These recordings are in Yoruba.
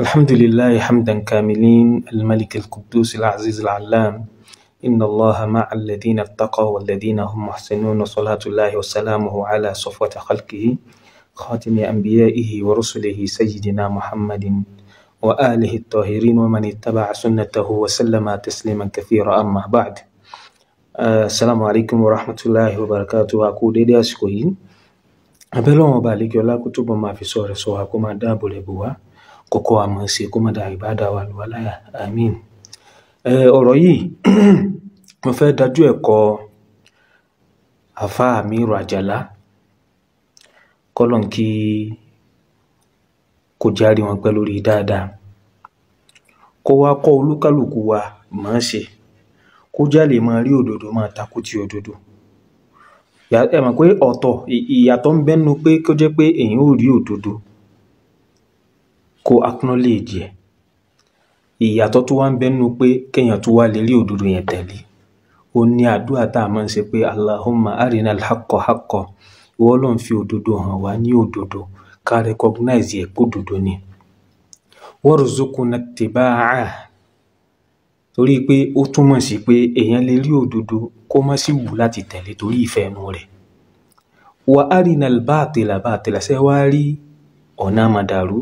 الحمد لله حمدا كاملين الملك القدوس العزيز العلام إن الله مع الذين اتقوا والذين هم محسنون صلاة الله وسلامه على صفوة خلقه خاتم أنبيائه ورسله سيدنا محمد وآله الطاهرين ومن اتبع سنته وسلم تسليما كثيرا أما بعد آه، السلام عليكم ورحمة الله وبركاته أقول إلي أسكوين أبلون وبالك يولا كتب ما في سورة سوها كما دابو لبوا kó kọ́ wa mọ̀ ṣe kó má da ìbádà wa lù wá láyà àmín. ọ̀rọ̀ yìí mo fẹ́ dájú ẹ̀kọ́ àfáà mi rọ àjàlá kọ́lọ́n kí kó járe wọn pẹ́ lórí dáadáa kó wá kọ́ olúkálùkù wa mọ̀ ṣe kó jálè máa rí òdodo máa takú ti òdodo ẹ pé ọ̀tọ̀ ìyàtọ̀ ń bẹ́nu pé kó jẹ́ pé èèyàn ò rí òdodo kó acknowledge ẹ̀ ìyàtọ̀ tó wá ń bẹ nínú pé kéèyàn tó wá lè rí òdodo yẹn tẹ̀lé ó ní àdúrà tá a máa ń ṣe pé Allahumma arina alhaqqa haqqa ìwọ ló ń fi òdodo hàn wá ní òdodo ká recognize ẹ̀ kó òdodo ni warzuqna ittiba'ah torí pé ó túmọ̀ sí pé èèyàn lè rí òdodo kó má sì wù láti tẹ̀lé torí ìfẹ́ ẹnu rẹ̀ wa arina al-batila batila ṣẹ́ wá rí ọ̀nà àmàdàrú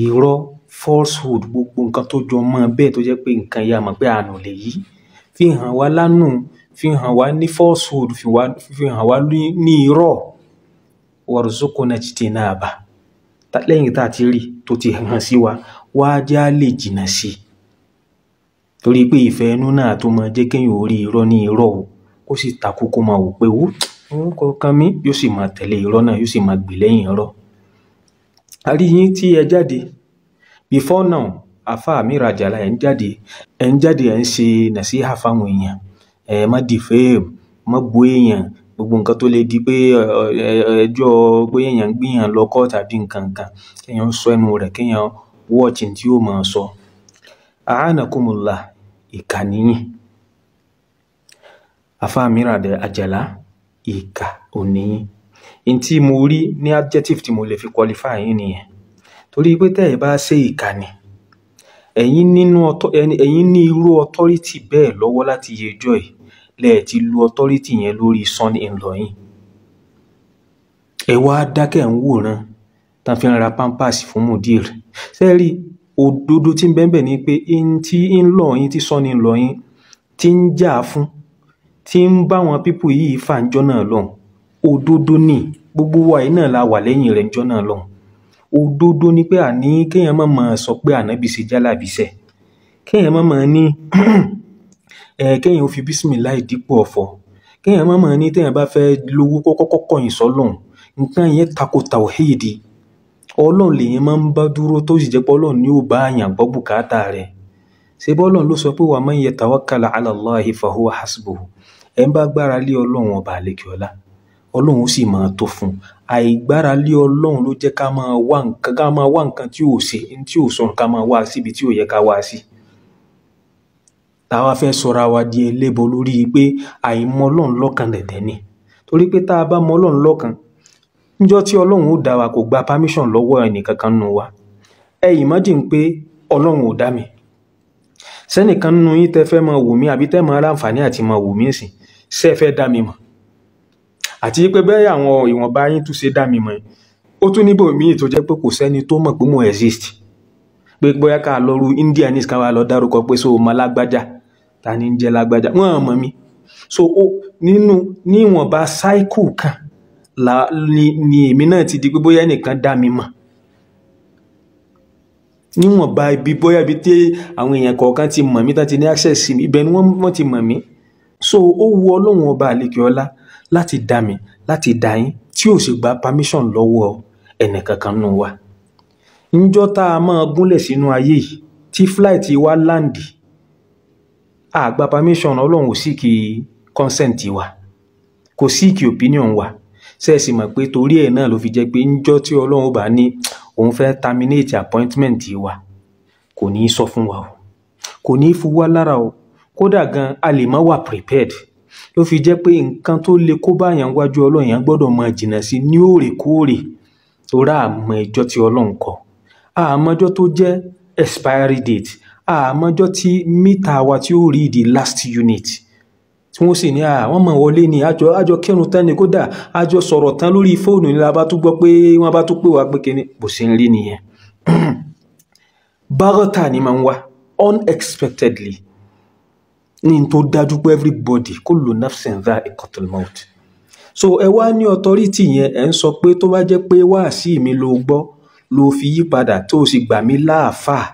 irọ́, falsehood, gbogbo nǹkan tó jọ mọ́ bẹ́ẹ̀ tó jẹ́ pé nǹkan yìí a mọ̀ pé àánú lè yí. Fi hàn wá lánù, fi hàn wá ní falsehood, fi, wá, fi hàn wá ní irọ́. Warzuqna ijtinaba. Lẹ́yìn tá a ti rí tó ti hàn sí wa, wá já lè jìnà sí i. Torí pé ìfẹ́ inú náà tó máa jẹ́ kéèyàn orí irọ́ ní irọ́ o, kó sì takú kó máa wò pé wú, kọ̀ọ̀kan mi yóò sì máa tẹ̀lé irọ́ náà, yóò sì máa gbè lẹ́yìn irọ́ a rí yín tí ẹ jáde before now àfa mi rajà la ẹ̀ ń jáde ẹ̀ ń jáde ẹ̀ ń ṣe nàṣíhà fáwọn èèyàn ẹ̀ má dìfẹ́ẹ̀mù má bo èèyàn gbogbo nǹkan tó lè di pé ẹjọ́ pé èèyàn ń gbìyàn lọ kọ́ tàbí nǹkan kan kéèyàn sọ ẹnu rẹ̀ kéèyàn wọ́ọ̀tì tí yóò máa sọ. àánàkùnmùlà ìkà nìyí àfa mi rajà àjàlá ìkà òníyìn. N tí mo rí ní adjective tí mo lè fi qualify yín nìyẹn. Torí pé tẹ bá ṣe ìkà ni, nínú author-- ní irú authority bẹ́ẹ̀ lọ́wọ́ láti yẹjọ́ ẹ̀. Lẹ ti lo authority yẹn lórí sun in law yín. Ẹ wá dákẹ́ ń wòran tán fi ń ra pampers fún Mudir. Ṣé òdodo tí ń bẹ́ẹ̀ bẹ́ẹ̀ ni pé n tí in-law yín, tí son-in-law yín tí ń jà fún, tí ń bá àwọn people yìí fà ń jọ́nà lọ́hùn. òdodo ni gbogbo wa yìí náà la wà lẹ́yìn rẹ̀ níjọ́ náà lọ́hùn òdodo ni pé àní kéèyàn má máa sọ pé ànábì ṣe jálàbí sẹ́ kéèyàn má máa ní ẹ eh, kéèyàn fi bísímìláì dípò ọfọ kéèyàn má máa ní téèyàn bá fẹ́ lówó kọ́kọ́ kọ̀yìn sọ́lọ́hùn nǹkan yẹn tako máa ń bá dúró tó sì pé ni ó bá àyàn gbọ bùkátà ló sọ pé ala Allahi fahuwa hasbuhu ẹ ń bá Ọlọ́run ó sì máa tó fún un. Àìgbára lé Ọlọ́run ló jẹ́ ká máa wá nǹkan, ká máa wá nǹkan tí ò ṣe, ohun tí ò sọnù ká máa wá síbi tí ò yẹ ká wá sí. Ta fẹ́ sọra wa di ẹlẹ́bọ lórí pé àìmọ̀ Ọlọ́run lọ́kàn dẹ̀dẹ̀ ni. Torí pé tá a bá mọ Ọlọ́run lọ́kàn, níjọ́ tí Ọlọ́run ó dá wa kò gba permission lọ́wọ́ ẹni kankan nínú wa. Ẹ imagine pé Ọlọ́run ò dá mi. Ṣé ẹnìkan nínú yín tẹ fẹ́ máa wò mí àbí tẹ máa rá àti máa wò mí sìn? Ṣé fẹ́ dá mi mọ̀? àti pé bẹ́ẹ̀ àwọn ìwọ̀nba yín tún ṣe dá mi mọ̀ ó tún níbò míì tó jẹ́ pé kò sẹ́ni tó mọ̀ pé mo exist pé bóyá ká lọ ru India ní ìsìnká wa lọ dárúkọ pé so mọ lágbájá ta ni ń jẹ́ lágbájá wọ́n mọ̀ mi so ó nínú níwọ̀nba cycle kan la ni ni èmi náà ti di pé bóyá ẹnìkan dá mi mọ̀ níwọ̀nba ibi bóyá ibi tí àwọn èèyàn kọ̀ọ̀kan ti mọ̀ mí tá ti ní access sí mi ibẹ̀ ni wọ́n ti mọ̀ mí so ó wu ọlọ́run ọba àlekè ọlá láti dà mí láti dà yín tí ò sì gba permission lọ́wọ́ ẹnìkankan nù wa. níjọ́ tá a máa gúnlẹ̀ sínú ayé yìí tí flight wa láǹdì àgbà permission ọlọ́run ò sì kí consent wa kò sí kí opinion wa ṣẹ́ẹ̀sì mọ̀ pé torí ẹ̀ náà ló fi jẹ́ pé níjọ́ tí ọlọ́run bá ní òun fẹ́ terminate appointment wa kò ní í sọ fún wa o kò ní í fún wa lára o kódà gan a lè má wà prepared ló fi jẹ́ pé nǹkan tó lè kó báyàn wájú ọlọ́run yẹn gbọ́dọ̀ máa jìnnà sí ní òrèkóòrè torí àmọ́ ìjọ tí ọlọ́run kọ àmọ́jọ́ tó jẹ́ expiry date àmọ́jọ́ tí mítà wa tí ó rí the last unit tí wọ́n sì ní àwọn mọ̀ wọlé ni àjọ àjọ kírun tán ni kódà àjọ sọ̀rọ̀ tán lórí fóònù ni la bá tún gbọ́ pé wọ́n bá tún pè wá pé kíní kò sí ń rí nìyẹn bárọ̀tà ni máa ń wá unexpectedly ní tó dájú pé everybody kó lò nafsin dha ikatul maut so ẹ wá ní authority yẹn ẹ ń sọ pé tó bá jẹ́ pé wáàsí mi ló gbọ́ ló fi yí padà tó o sì gbà mí láàfáà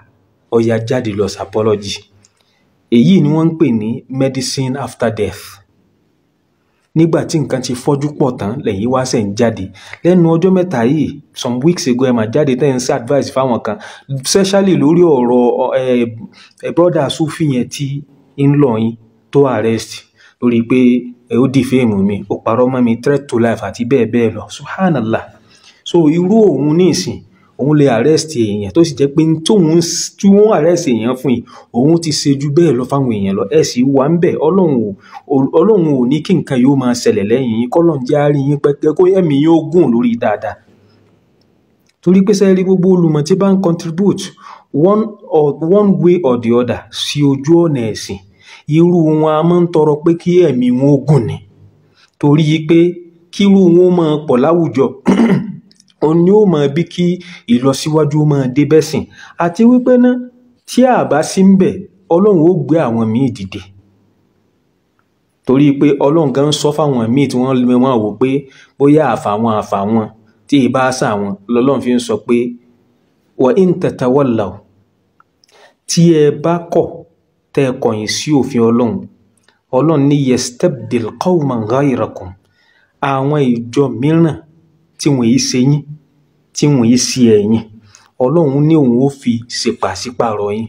ọ̀yà jáde lọ sapọ́lọ́jì èyí ni wọ́n ń pè ní medicine after death nígbà tí nǹkan ti fọ́jú pọ̀ tán lẹ́yìn wá sẹ̀ ń jáde lẹ́nu ọjọ́ mẹ́ta yìí some weeks ago ẹ̀ máa jáde tẹ́ ń ṣe advice fáwọn kan especially lórí ọ̀rọ̀ ẹ̀ eh, eh, brother sufi yẹn tí in-law-yín tó arrest lórí pé ó defame mi ó parọ́ mọ́ mi threat to life àti bẹ́ẹ̀ bẹ́ẹ̀ lọ subhanallah so irú òun ní ìsìn òun lè arrest èèyàn tó sì jẹ́ pé tóun tí wọ́n arrest èèyàn fún yìí òun ti ṣe ju bẹ́ẹ̀ lọ fáwọn èèyàn lọ ẹ̀ sì wà ń bẹ̀ ọlọ́run ò ní kí nǹkan yóò máa ṣẹlẹ̀ lẹ́yìn yín kọ́lọ́n jẹ́ àárín yín pẹ́kẹ́ kó ẹ̀mí yín ó gùn lórí dáadáa torí pé sẹ́ẹ̀rí gbogbo olùmọ̀ tí bá ń contribute one, or, one way or the other sí ojú ọ̀nà ẹ̀sìn irú wọn a máa ń tọrọ pé kí ẹ̀mí wọn ó ni torí pé kírú wọn máa pọ̀ láwùjọ òun ni ó máa bí kí ìlọsíwájú máa dé bẹ́sìn àti wípé náà tí àbá sí ń bẹ̀ ọlọ́run ó gbé àwọn míì dìde torí pé ọlọ́run gan sọ fáwọn míì tí wọ́n lè wọ́n wò pé bóyá àfàwọn àfàwọn tí ì sà wọn lọ́lọ́run fi ń sọ pé wọ́n ń tẹ̀tẹ̀ wọ́n là tí ẹ bá kọ̀ tẹ́ ẹ kọ̀yìn sí òfin ọlọ́run ọlọ́run ní yestabdil qawman ghayrakum àwọn ìjọ mìíràn tí wọ́n yìí ṣe yín tí wọ́n yìí ṣe ẹ̀yin ọlọ́run ní òun ó fi ṣèpàṣípàrọ̀ yín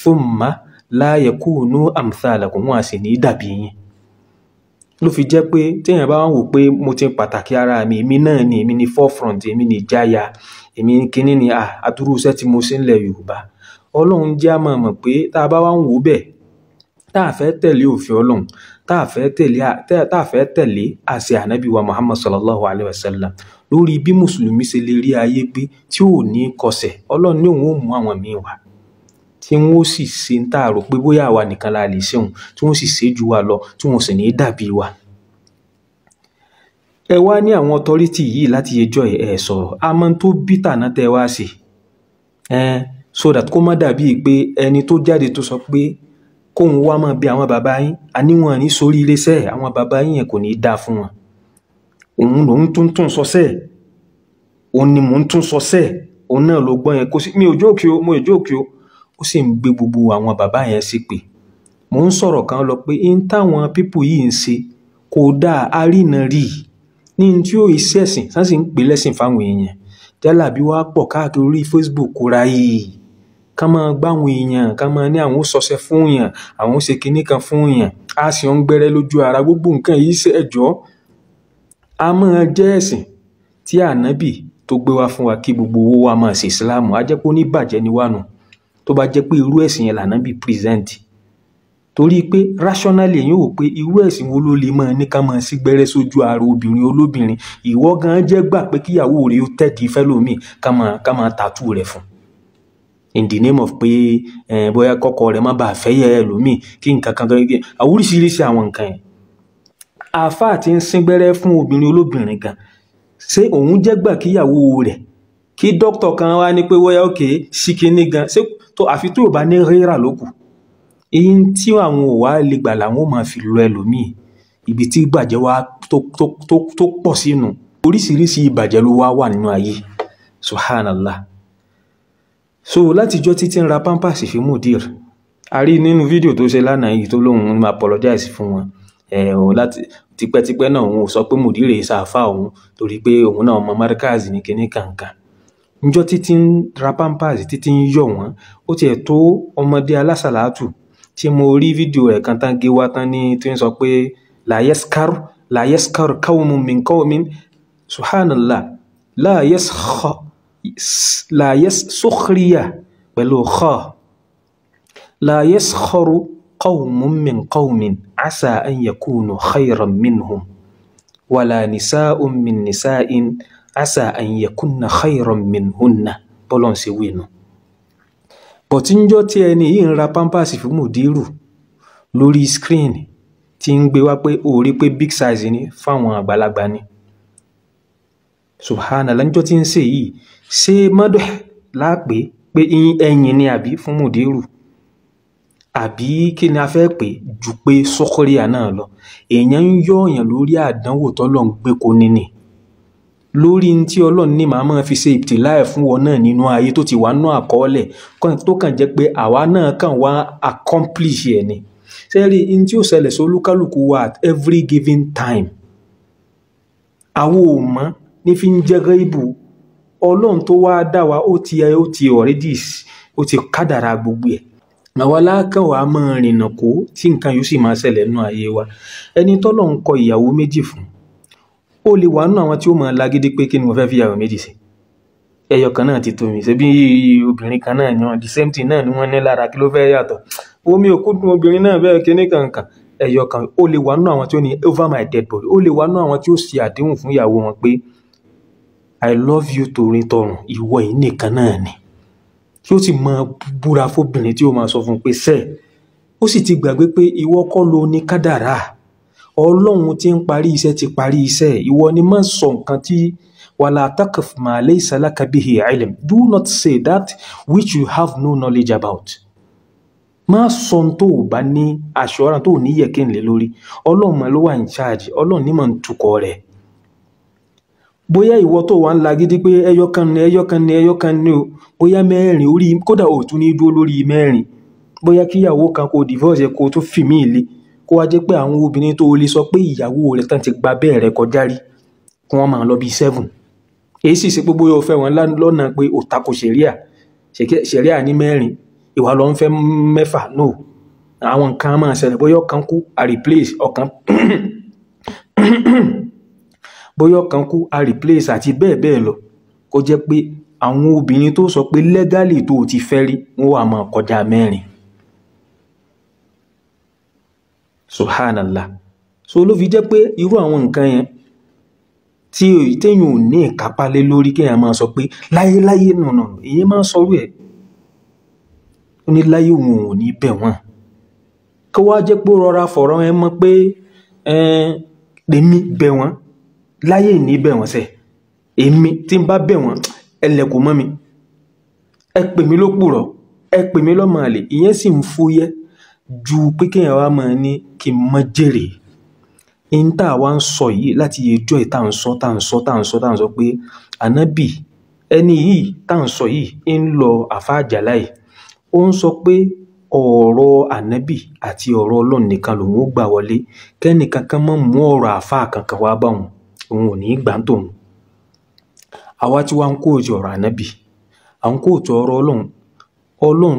thumma la yakunu amthalakum wọn a sì ní dàbí yín ló fi jẹ́ pé téèyàn bá wò pé mo ti pàtàkì ara mi èmi náà ni èmi ni forefront èmi ni ìjáyà èmi kíní ni àdúrú iṣẹ́ tí mo ṣe ń lẹ̀ yorùbá Ọlọ́run jẹ́ a máa mọ̀ pé tá a bá wá ń wò bẹ́ẹ̀, tá a fẹ́ tẹ̀lé òfin Ọlọ́run, tá a fẹ́ tẹ̀lé, tá a fẹ́ tẹ̀lé àṣẹ ànábì wa Muhammad sallallahu alayhi wa sallam lórí bí Mùsùlùmí ṣe lè rí ayé gbé tí ò ní kọsẹ̀. Ọlọ́run ní òun ó mú àwọn míì wá tí wọ́n ó sì ṣe ń tà rò pé bóyá àwa nìkan la lè ṣe tí wọ́n sì ṣe ju wa lọ, tí wọ́n sì ní dàbí wa. Ẹ wá ní àwọn authority yìí láti ẹjọ́ ẹ̀ sọ̀rọ̀. A mọ̀ tó bí tàná tẹ wá ṣe. Ẹn, so that kó má dàbíi pé ẹni tó jáde tó sọ pé kóun wá máa bí àwọn bàbá yín àníwọ̀n ní sórí iléeṣẹ́ àwọn bàbá yín yẹn kò ní í dáa fún wọn òun lòun tún tún sọsẹ́ òun ni mò ń tún sọsẹ́ òun náà ló gbọ́ yẹn kò sí mi ò jókè o mo ò jókè o ó sì ń gbé gbogbo àwọn bàbá yẹn sí pé mò ń sọ̀rọ̀ kan lọ pé n táwọn pípù yìí ń ṣe kò dáa arínà rí i ní tí ó iṣẹ́ ẹ̀sìn ń pè lẹ́sìn fáwọn èèyàn jálàbí wàá pọ̀ káàkiri Facebook ra yìí ká máa gbáwọn èèyàn ká máa ní àwọn ó sọsẹ fún èèyàn àwọn ó ṣe kinní kan fún èèyàn á sì ń gbẹrẹ lójú ara gbogbo nǹkan yìí ṣe a máa jẹ́ ẹ̀sìn tí ànábì tó gbé wá fún wa kí gbogbo owó wa máa ṣe ìsìláàmù á jẹ́ pé ó ní bàjẹ́ ni wánu tó bá jẹ́ pé irú ẹ̀sìn yẹn lànábì present torí pé rationally yóò wò pé irú ẹ̀sìn wo ló lè máa ní ká máa sí gbẹ́rẹ́ sójú ara obìnrin olóbìnrin ìwọ gan jẹ́ gbà pé kíyàwó rẹ̀ ó tẹ̀dí fẹ́lòmíì ká máa ká máa tàtú rẹ̀ fún un in the name of pé ẹ̀ bóyá kọ́kọ́ rẹ̀ má bàa fẹ́ yẹ ẹlòmíì kí nǹkan kan kan oríṣiríṣi àwọn nǹkan yẹn àáfàá ti ń síngbẹ́rẹ́ fún obìnrin olóbìnrin gan ṣé òun jẹ́ gbà kíyàwó rẹ̀ kí dókítà kan wá ní pé wọ́yá òkè ṣìkìní gan ṣé tó àfi tó bá ní rírà lókù èyí tí àwọn ò wá lè gbà làwọn ò máa fi lọ ẹlòmíì ibi tí ìbàjẹ́ wa tó pọ̀ sínú oríṣiríṣi ìbàjẹ́ ló wá wà nínú ayé subhanallah so látijọ́ títí ń ra pampers fi Mudir a rí nínú fídíò tó ṣe lánàá yìí tó lóun máa apologize fún wọn eh, òun láti tipẹ́tipẹ́ náà òun ò sọ pé Mudir ṣàfà òun torí pé òun náà ọmọ Markaz ní kinní kankan njọ́ títí ń ra pampers títí ń yọ̀ wọ́n ó tiẹ̀ tó ọmọdé alásàlátù tí mo rí fídíò rẹ̀ kan tán gé wá tán ní tí ń sọ pé layeskaru layeskaru káwọn mi káwọn mi subhanallah layeskaru láyés sókríyà pẹ̀lú kha láyés kọrú qawmun min qawmin asa an yakunu khayran minhum wàlá nisa'un min nisa'in asa an yakunna khayran minhunna bọ́lọ̀ ń ṣe wínu. bọ̀tíńjọ́ tí ẹni yìí ń ra pampers fún mùdírù lórí screen tí ń gbé wá pé òòrí pé big size ni fáwọn àgbàlagbà ni subhanallah níjọ́ tí ń ṣe yìí ṣé mọ́dọ̀ láàpẹ́ pé ẹ̀yìn ni àbí fún mùdírù àbí kí ni a fẹ́ pè ju pé sọ́kọ́ríà náà lọ èèyàn ń yọ ọ̀yàn lórí àdánwò tọ́lọ́run gbé kó níní lórí ní tí ọlọ́run ní màá máa fi ṣe ìtìláì fún wọn náà nínú ayé tó ti wà nú àkọọ́lẹ̀ tó kàn jẹ́ pé àwa náà kàn wá accomplish ẹ̀ ni sẹ́rí ní tí ó ṣẹlẹ̀ sí olúkálùkù wa at every given time àwọn ò mọ̀ ní fi ń jẹ́ gẹ́ìbù ọlọ́run tó wá dá wa ó ti ó ti already ó ti kádàrà gbogbo ẹ̀ àwa lákàn wàá máa rìnnà kó tí nǹkan yóò sì máa ṣẹlẹ̀ nínú ayé wa ẹni tọ́lọ̀ ń kọ ìyàwó méjì fún ó lè wà nínú àwọn tí ó máa lágídí pé kí ni mo fẹ́ fi ìyàwó méjì sí ẹyọ kan náà ti tó mi ṣebí obìnrin kan náà ni the same thing náà ni wọn ní lára kí ló fẹ́ yàtọ̀ omi òkúndùn obìnrin náà bẹ́ẹ̀ kíní kankan ẹyọ kan ó lè wà nínú àwọn tí ó ní over my dead body ó lè wà nínú àwọn tí ó ṣe àdéhùn fún ìyàwó wọn pé I love you torin-tọ̀rùn ìwọ yìí nìkan náà ni tí ó sì máa búra fóbìnrin tí ó máa sọ fún un pé sẹ́ẹ̀ ó sì ti gbàgbé pé ìwọ kọ́ ló ní kádàrá ọlọ́run tí ń parí iṣẹ́ ti parí iṣẹ́ ìwọ ni má sọ nǹkan tí wàlá takaf ma laysa laka bihi do not say that which you have no knowledge about má sọ tó o bá ní aṣọ ara tó o ní yẹ̀kẹ́ ńlẹ̀ lórí ọlọ́run ló wà in charge ọlọ́run ní mọ̀ ń tukọ̀ rẹ̀ bóyá ìwọ tó wà ń la gidi pé ẹyọkan ni ẹyọkan ni ẹyọkan ni o bóyá mẹ́rin orí kódà ò tún ní dúró lórí mẹ́rin bóyá kíyàwó kan kò divorce ẹ kó tó fì mí ìle kó wá jẹ́ pé àwọn obìnrin tó lè sọ pé ìyàwó rẹ̀ tán ti gba bẹ́ẹ̀ rẹ̀ kọjá rí kí wọ́n máa lọ bíi seven èyí sì ṣe pé bóyá o fẹ́ wọn lọ́nà pé o tako ṣẹ̀ríà ṣẹ̀ríà ní mẹ́rin ìwà ló ń fẹ́ mẹ́fà no àwọn nǹkan máa ṣẹlẹ̀ bóyá ọ̀kan kú a replace ọ̀kan bóyá ọ̀kan kú a replace àti bẹ́ẹ̀ bẹ́ẹ̀ lọ kó jẹ́ pé àwọn obìnrin tó sọ pé legally tó ti fẹ́ rí wọ́n wà máa kọjá mẹ́rin subhanallah so ló fi jẹ́ pé irú àwọn nǹkan yẹn tí téèyàn ò ní ìkápá lé lórí kéèyàn máa sọ pé láyéláyé nànà èyí máa ń sọrú ẹ̀ ó ní láyé òun ò ní bẹ̀ wọ́n kó wá jẹ́ pé rọra fọ̀rọ̀ ẹ mọ́ pé ẹ̀ẹ́n lèmi bẹ̀ wọ́n láyé ìní bẹ̀ wọ́n sẹ̀ èmi tí n bá bẹ̀ wọ́n ẹlẹ́kùn mọ́ mi ẹ pè mí ló pùrọ̀ ẹ pè mí lọ́mọ àlè ìyẹn sì ń fúyẹ́ ju pé kéèyàn wá máa ní kí n mọ jèrè n tá a wá ń sọ yìí láti ẹjọ́ yìí tá à ń sọ tá à sọ tá à sọ tá à sọ pé ànábì ẹni yìí tá à sọ yìí ń lọ àfa yìí ó ń sọ pé ọ̀rọ̀ ànábì àti ọ̀rọ̀ ọlọ́run nìkan lòun ó gbà wọlé kẹ́nìkankan mọ́ mú ọ̀rọ̀ àfa kankan wá bá wọn òun ò ní í gbà ń tòun àwa tí wàá ń kóòtù ọ̀rọ̀ ànábì à ń kóòtù ọ̀rọ̀ ọlọ́run ọlọ́run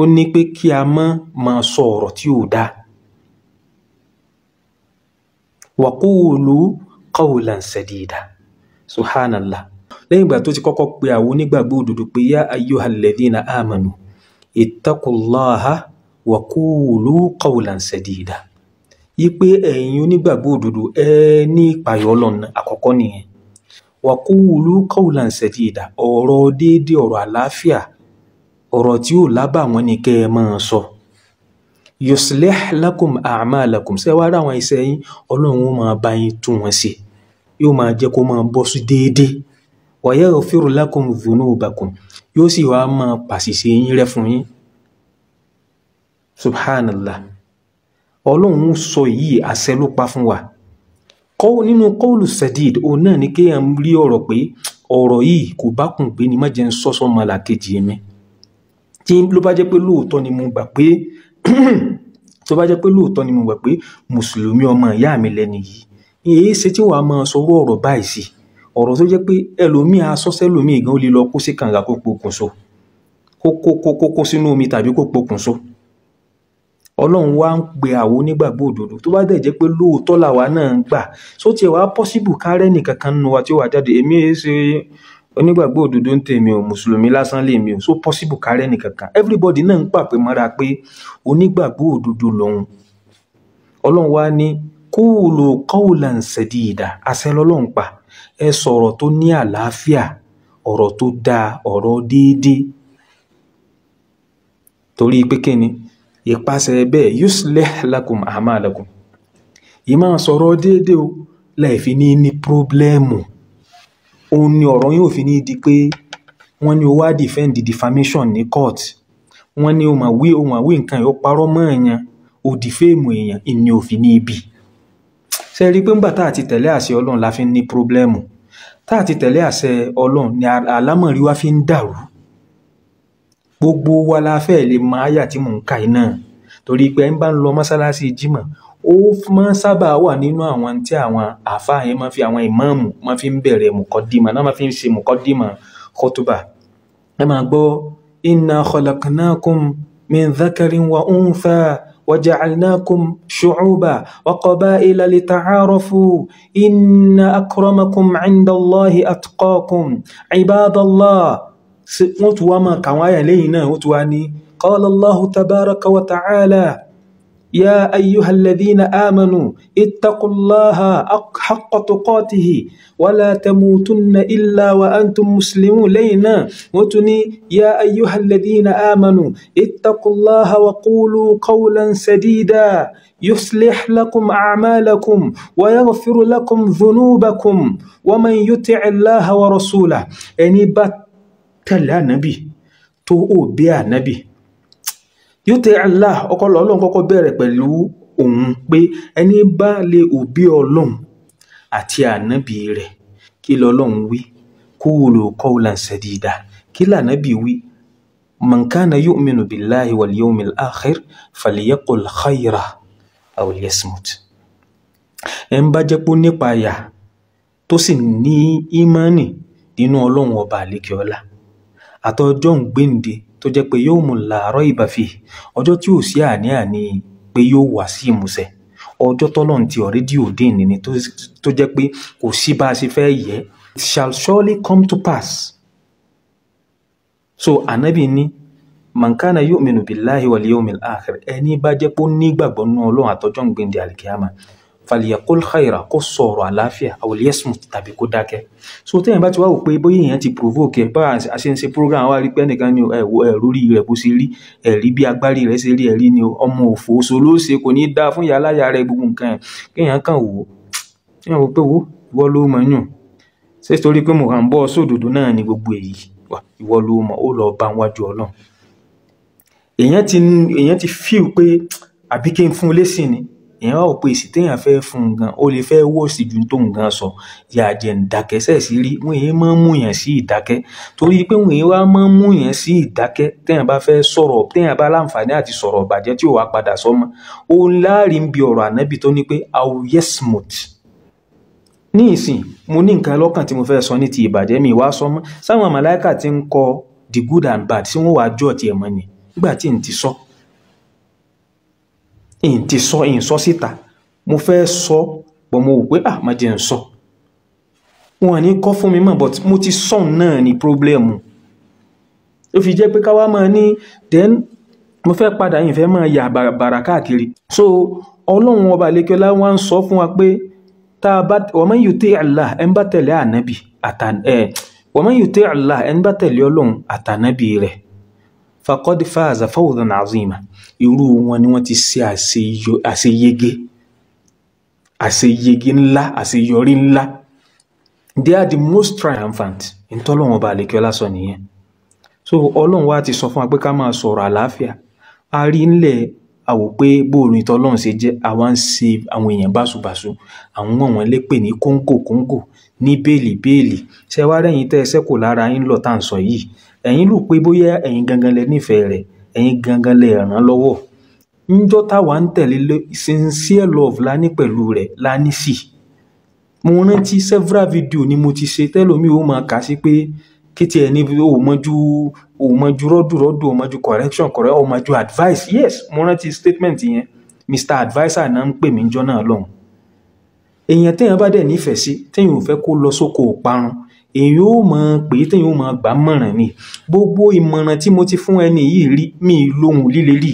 ó ní pé kí a má máa sọ ọ̀rọ̀ tí ò dáa wa qulu qawlan sadida subhanallah lẹ́yìn ìgbà tó ti kọ́kọ́ pe àwọn onígbàgbọ́ òdodo pé yá ayyuhal ladhina amanu ittaqullaha wa qulu qawlan sadida wípé ẹ̀yin onígbàgbọ́ òdodo ẹ ní ìpayọ̀ ọlọ́run àkọ́kọ́ nìyẹn wàkúùlù qawlan sadida ọ̀rọ̀ déédéé ọ̀rọ̀ àlàáfíà ọ̀rọ̀ tí ò lábàwọ́n ni kẹ́ ẹ máa sọ yuslih lakum a'malakum ṣé wàá ráwọn iṣẹ́ yín ọlọ́run ó máa bá yín tún wọn ṣe yóò máa jẹ́ kó máa bọ́ sí déédéé wa yaghfir lakum dhunubakum yóò sì wá máa pàṣìṣe yín rẹ́ fún yín subhanallah ọlọ́run sọ yìí àṣẹ ló pa fún wa nínú kọ́ọ̀lù sadid òun náà ni kéèyàn rí ọ̀rọ̀ pé ọ̀rọ̀ yìí kò bá kùn pé ni má jẹ́ ń sọ́sọ́ mọ́ làkejì mi tí ló bá jẹ́ pé lóòótọ́ ni mo gbà pé tó bá jẹ́ pé lóòótọ́ ni mo gbà pé mùsùlùmí ọmọ ìyá mi lẹ́ni yìí èyí ṣe tí wàá máa sọ ọ̀rọ̀ báyìí sí ọ̀rọ̀ tó jẹ́ pé ẹlòmíì asọ́sẹ́ lòmíì gan ó lè lọ kó sí kàǹgà kó pokùnso kó kó kó kó sínú omi tàbí kó pokùnso ọlọ́run wá ń pe àwọn onígbàgbọ́ òdodo tó bá dẹ̀ jẹ́ pé lóòótọ́ làwa náà ń gbà só tiẹ̀ wá pọ́síbù kárẹ́ nìkan kan nínú wa tí ó wà jáde èmi e ṣe onígbàgbọ́ òdodo ń o mùsùlùmí lásán mi o so pọ́síbù kárẹ́ nìkan kan everybody náà ń pàpè mọ́ra pé onígbàgbọ́ òdodo lòun ọlọ́run wá ní kúùlù qawlan lọ́lọ́run pa ẹ sọ̀rọ̀ tó ní àlàáfíà ọ̀rọ̀ tó dáa ọ̀rọ̀ déédéé torí pé kíni ìpasẹ̀ bẹ́ẹ̀ yuslih lakum a'malakum yìí máa sọ̀rọ̀ déédéé o láì ní ní pírọ́blẹ́mù òun ni ọ̀rọ̀ yóò fi ní di pé wọ́n ní o wá defend defamation ní court wọ́n ní o mà wí o mà wí nǹkan yóò parọ́ mọ́ èèyàn o defame èèyàn ìní òfin ní ibi ṣe rí i pé ńgbà tá a ti tẹ̀lé àṣẹ ọlọ́run la fi ń ní pírọ́blẹ́mù tá a ti tẹ̀lé àṣẹ ọlọ́run ni alámọ̀rí wa fi ń dàrú gbogbo wa la fẹ́ lè mọ àyà tí mò ń kà yìí náà torí pé ẹ ń bá ń lọ mọ́sálásí jímọ̀ ó máa ń sábà wà nínú àwọn tí àwọn àfáà yẹn máa fi àwọn ìmáàmù máa fi ń bẹ̀rẹ̀ mùkọ́dìmọ̀ náà máa fi ń ṣe mùkọ́dìmọ̀ kọ́tùbà ẹ máa gbọ́ inna khalaqnakum min dhakarin wa untha وجعلناكم شعوبا وقبائل لتعارفوا إن أكرمكم عند الله أتقاكم عباد الله wọ́n tún wá máa kàwọn àyà lẹ́yìn náà wọ́n tún wá ní qala Allahu tabaraka wa ta'ala ya ayyuhal ladhina amanu ittaqullaha haqqa tuqatihi wa la tamutunna illa wa antum muslimun lẹ́yìn náà wọ́n tún ní ya ayyuhal ladhina amanu ittaqullaha wa qulu qawlan sadida يصلح لكم أعمالكم ويغفر لكم ذنوبكم ومن يطع الله ورسوله يعني بات tẹ̀lé ànábì tó òbí ànábì yóò tẹ Allah ọkọlọ ọlọ́run kọ́kọ́ bẹ̀rẹ̀ pẹ̀lú òun pé ẹni bá lè òbí ọlọ́run àti ànábì rẹ̀ kí lọ́lọ́run wí qulu qawlan sadida kí lànábì wí man kana yu'minu billahi wal yawmil akhir falyaqul khayra aw liyasmut ẹ̀ ń bá jẹ́ pé nípa àyà tó sì ní ìmánì nínú ọlọ́run ọba àlékè ọlá àtọjọ́ ń gbéǹde tó jẹ́ pé yóò mú làárọ̀ ìbàfì ọjọ́ tí ò sí àní-àní pé yóò wá sí ìmúṣẹ ọjọ́ tọ́lọ́run ti ọ̀rẹ́dì òde ìnìní tó jẹ́ pé kò sí bá a ṣe fẹ́ yẹ it shall surely come to pass so anabi ni mankana yu'minu billahi wal yawmil akhir ẹni bá jẹ́ pé ó nígbàgbọ́ nínú ọlọ́run àtọjọ́ ń gbéǹde àlìkíyàmá faliyakul khayra kó sọ̀rọ̀ àlàáfíà àwòlẹ́sùn tàbí kó dákẹ́. so téèyàn bá ti wá wò pé bóyá èèyàn ti provoke ẹ̀ bá a ṣe ń ṣe program wa rí pé ẹnìkan ni ẹ̀wò ẹ̀rú rí rẹ̀ bó ṣe rí ẹ̀rí bí agbárí rẹ̀ ṣe rí ẹ̀rí ni ọmọ òfò oṣù olóṣè kò ní í dáa fún yàláyà rẹ̀ gbogbo nǹkan ẹ̀ kéèyàn kàn wò ó pé wò ìwọ ló mọ̀ yùn ṣé torí pé mo bọ́ èèyàn ò pé èsì téèyàn fẹ́ fún un gan ó lè fẹ́ wọ́ọ̀sì ju tóun gan sọ yà á jẹ́ ǹdàkẹ́ sẹ̀sì rí wọ́n èèyàn máa ń mú yàn sí ìdákẹ́ torí pé wọ́n èèyàn wá máa ń mú yàn sí ìdákẹ́ téèyàn bá fẹ́ sọ̀rọ̀ téèyàn bá láǹfààní àti sọ̀rọ̀ ìbàjẹ́ tí ò wá padà sọ́mọ ó láàrin bí ọ̀rọ̀ ànábì tó ní pé awyesmut ní ìsìn mo ní nǹkan lọ́kàn tí mo fẹ́ sọ ní ti ìbàjẹ́ mi wá sọmọ sáwọn màláìkà ti ń kọ the good and bad tí wọ́n wàá jọ́ ọ̀tí ẹ̀mọ́ ni nígbà tí n ti sọ so n ti sọ n sọ síta mo fẹ́ sọ bọ̀ mo wò pé ah má jẹ́ n sọ wọn ní kọ́ fún mi mọ̀ but mo ti sọ náà ní pírọ́blẹ́mù ó fi jẹ́ pé káwá máa ní then mo fẹ́ padà yìí fẹ́ máa yà bàrà káàkiri so ọlọ́run ọba àlekíọ́lá wá ń sọ fún wa pé tá a bá wọ́n máa ń yùté Allah ẹ̀ ń bá tẹ̀lé ànábì àtàn ẹ̀ wọ́n máa ń yùté Allah ẹ̀ ń bá tẹ̀lé ọlọ́run àtànábì rẹ̀ fakọ́dí fáàzà na azima iru wọn ni wọn ti ṣe àṣeyege àṣeyege ńlá àṣeyọrí ńlá they are the most triumphant ntọ́lọ́wọ́n ọba sọ nìyẹn so ọlọ́run wa ti sọ fún wa pé ká máa sọ̀rọ̀ àlàáfíà a rí ńlẹ̀ àwò pé bóòrin tọ́lọ́run ṣe ṣe àwọn èèyàn báṣubàṣu àwọn ní kóńgò kóńgò ní lára yín lọ tá à ń sọ yìí ẹ̀yin rò pé bóyá ẹ̀yin gangan lẹ nífẹ̀ẹ́ rẹ̀ ẹ̀yin gangan lẹ ràn lọ́wọ́ níjọ́ táwa ń tẹ̀lé sincere love la ní pẹ̀lú rẹ̀ la ní sí mo rántí several video ni mo ti ṣe tẹ́lómi ó máa kà sí pé kété ẹni òmọjú òmọjú rọdùrọdù òmọjú correction correct òmọjú advice yes mo rántí statement yẹn mr adviser náà ń pè mí jọ náà lọ́hùn èèyàn téèyàn bá dẹ̀ nífẹ̀ẹ́ sí téèyàn ò fẹ́ kó lọ sóko òparun èyí ó mọ̀ pé tí èyí ó mọ̀ gbà mọ̀ràn ni. Gbogbo ìmọ̀ràn tí mo ti fún ẹni yìí rí, mi ì lóhùn líle rí.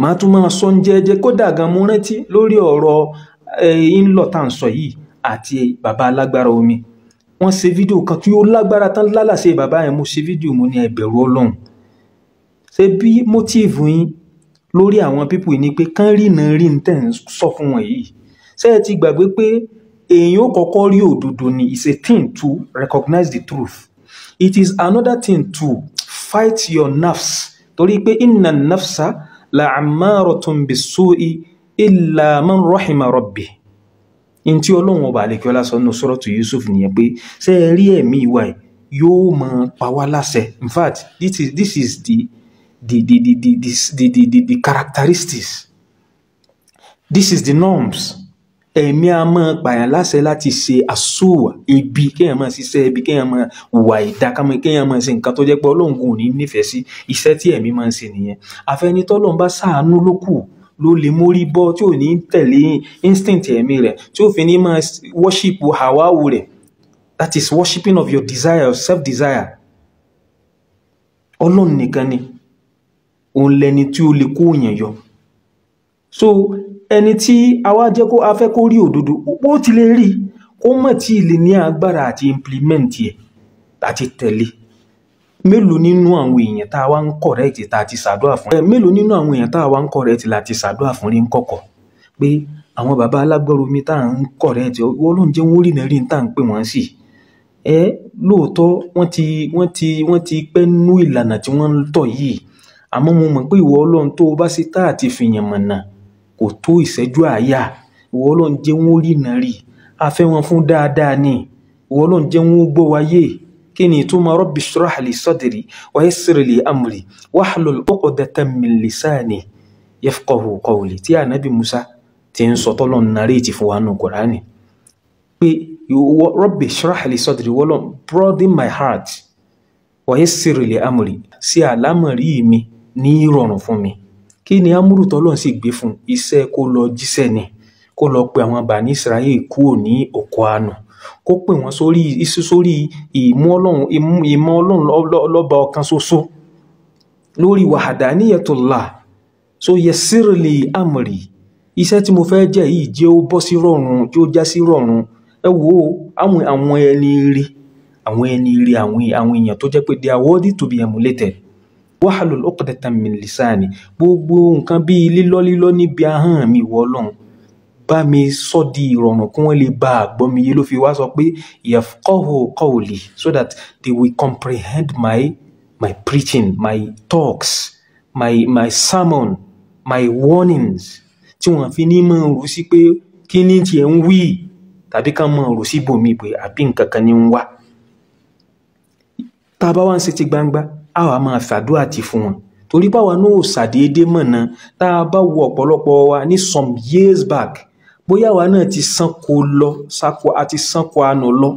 Màá tún máa sọ ń jẹ́ẹ́jẹ́ kó dàgan mo rántí lórí ọ̀rọ̀ in-law tá ń sọ yìí àti bàbá alágbára omi. Wọ́n ṣe fídíò kan tí ó lágbára tán lálàsẹ bàbá yẹn. Mo ṣe fídíò mo ní ẹ bẹ̀rù Ọlọ́run. Ṣé bí motive yín lórí àwọn people yìí ni pé kán rína rí ń tẹ̀ ń sọ fún wọn yìí? Ṣé ẹ ti gbàgbé pé èèyàn ó kọ́kọ́ rí òdodo ni it's a thing to recognize the truth it is another thing to fight your nafs torí pé inna nafsa la ammaratun bis-su'i illa man rahima rabbi n tí ọlọ́run ọba àlekíọ́lá sọ nínú suratu Yusuf nìyẹn pé ṣé ẹ rí ẹ̀mí ìwà ẹ̀ yóò máa pa wá láṣẹ in fact this is, this is the the the the the the the the the characteristics this is the norms ẹ̀mí a máa pààyàn láṣẹ láti ṣe àsùwà ibi kéèyàn máa ṣiṣẹ́ ibi kéèyàn máa wà ìdákámọ́ kéèyàn máa ṣe nǹkan tó jẹ́ pé ọlọ́run kò ní nífẹ̀ẹ́ sí iṣẹ́ tí ẹ̀mí máa ń ṣe nìyẹn àfẹnitọ́lọ́run bá ṣàánú ló kù ló lè mórí bọ́ tí ò ní tẹ̀lé instinct ẹ̀mí rẹ̀ tí ò fi ní máa worship hawawu rẹ̀ that is worshiping of your desire your self desire ọlọ́run nìkan ni òun lẹni tí ó lè kó òyìn yọ so ẹni tí àwa jẹ́ kó afẹ́ kó rí òdodo ó ti lè rí kó mọ̀ tí ilé ní agbára àti implement ẹ̀ àti tẹ̀lé mélòó nínú àwọn èèyàn tá a wá ń correct tá a ti ṣàdúrà fún ẹ mélòó nínú àwọn èèyàn tá a wá ń correct la ti ṣàdúrà fún rí ń kọ̀kọ̀ pé àwọn bàbá alágbọ́rọ̀ mi tá à ń correct wọ́n ló ń jẹ́ wọ́n rí náà rí tá à ń pè wọ́n sí ẹ lóòótọ́ wọ́n ti wọ́n ti wọ́n ti pẹ́ nú ìlànà tí wọ́n ń tọ̀ yìí àmọ́ mo mọ̀ pé ìwọ ọlọ́run tó o bá ṣe tá àti fìyàn mọ̀nà kò tó ìṣẹ́jú àáyá ìwọ Ọlọ́run jẹ́ wọn ó rìnà rì a fẹ́ wọn fún dáadáa ni ìwọ Ọlọ́run jẹ́ wọn ó gbọ́ wáyé kí ni ìtumọ̀ rabbi shrah li sadri wa yassir li amri wahlul uqdatan min lisani yafqahu qawli tí ànábì Musa ti ń sọ tọ́lọ́ nàrètì fún wa nù Kùránì pé rabbi shrah li sadri wọ́lọ́ broaden my heart wa yassir li amri sí àlámọ̀rí mi ní ìrọ̀rùn fún mi kí ni amúrù tọ́lọ́run sì gbé fún iṣẹ́ kó lọ jíṣẹ́ ni kó lọ pe àwọn bàní Israel kúrò ní òkò àánú kó pè wọ́n sórí ìmú ọlọ́run ìmú ọlọ́run lọ́ba ọ̀kan ṣoṣo lórí wahdaniyatullah so yẹsírìlì amri iṣẹ́ tí mo fẹ́ jẹ́ yìí jẹ́ ó bọ́ sí rọrùn tí ó já sí rọrùn ẹ wo àwọn àwọn ẹni rí àwọn ẹni rí àwọn èèyàn tó jẹ́ pé they are worthy to be emulated wahlul uqdatan min lisani gbogbo nǹkan bíi lílọ́ lílọ́ níbi ahọ́n mi wọ ọlọ́run bá mi sọ di ìrọ̀rùn kí wọ́n lè bá a gbọ́ mi yé ló fi wá sọ pé yafqahu qawli so that they will comprehend my my preaching my talks my my sermon my warnings tí wọ́n fi ní mọ̀ rò sí pé kí ni tiẹ̀ ń wí tàbí ká mọ̀ rò sí bòmí pé àbí nǹkan kan ni ń wá tá a bá wá ń ṣe ti gbangba àwa máa ṣàdúrà ti fún wọn torí báwa náà ò ṣàdéédé mọ̀nà tá a bá wo ọ̀pọ̀lọpọ̀ wa ní some years back bóyá àwa náà ti sanko lọ sanko àti sanko àánú lọ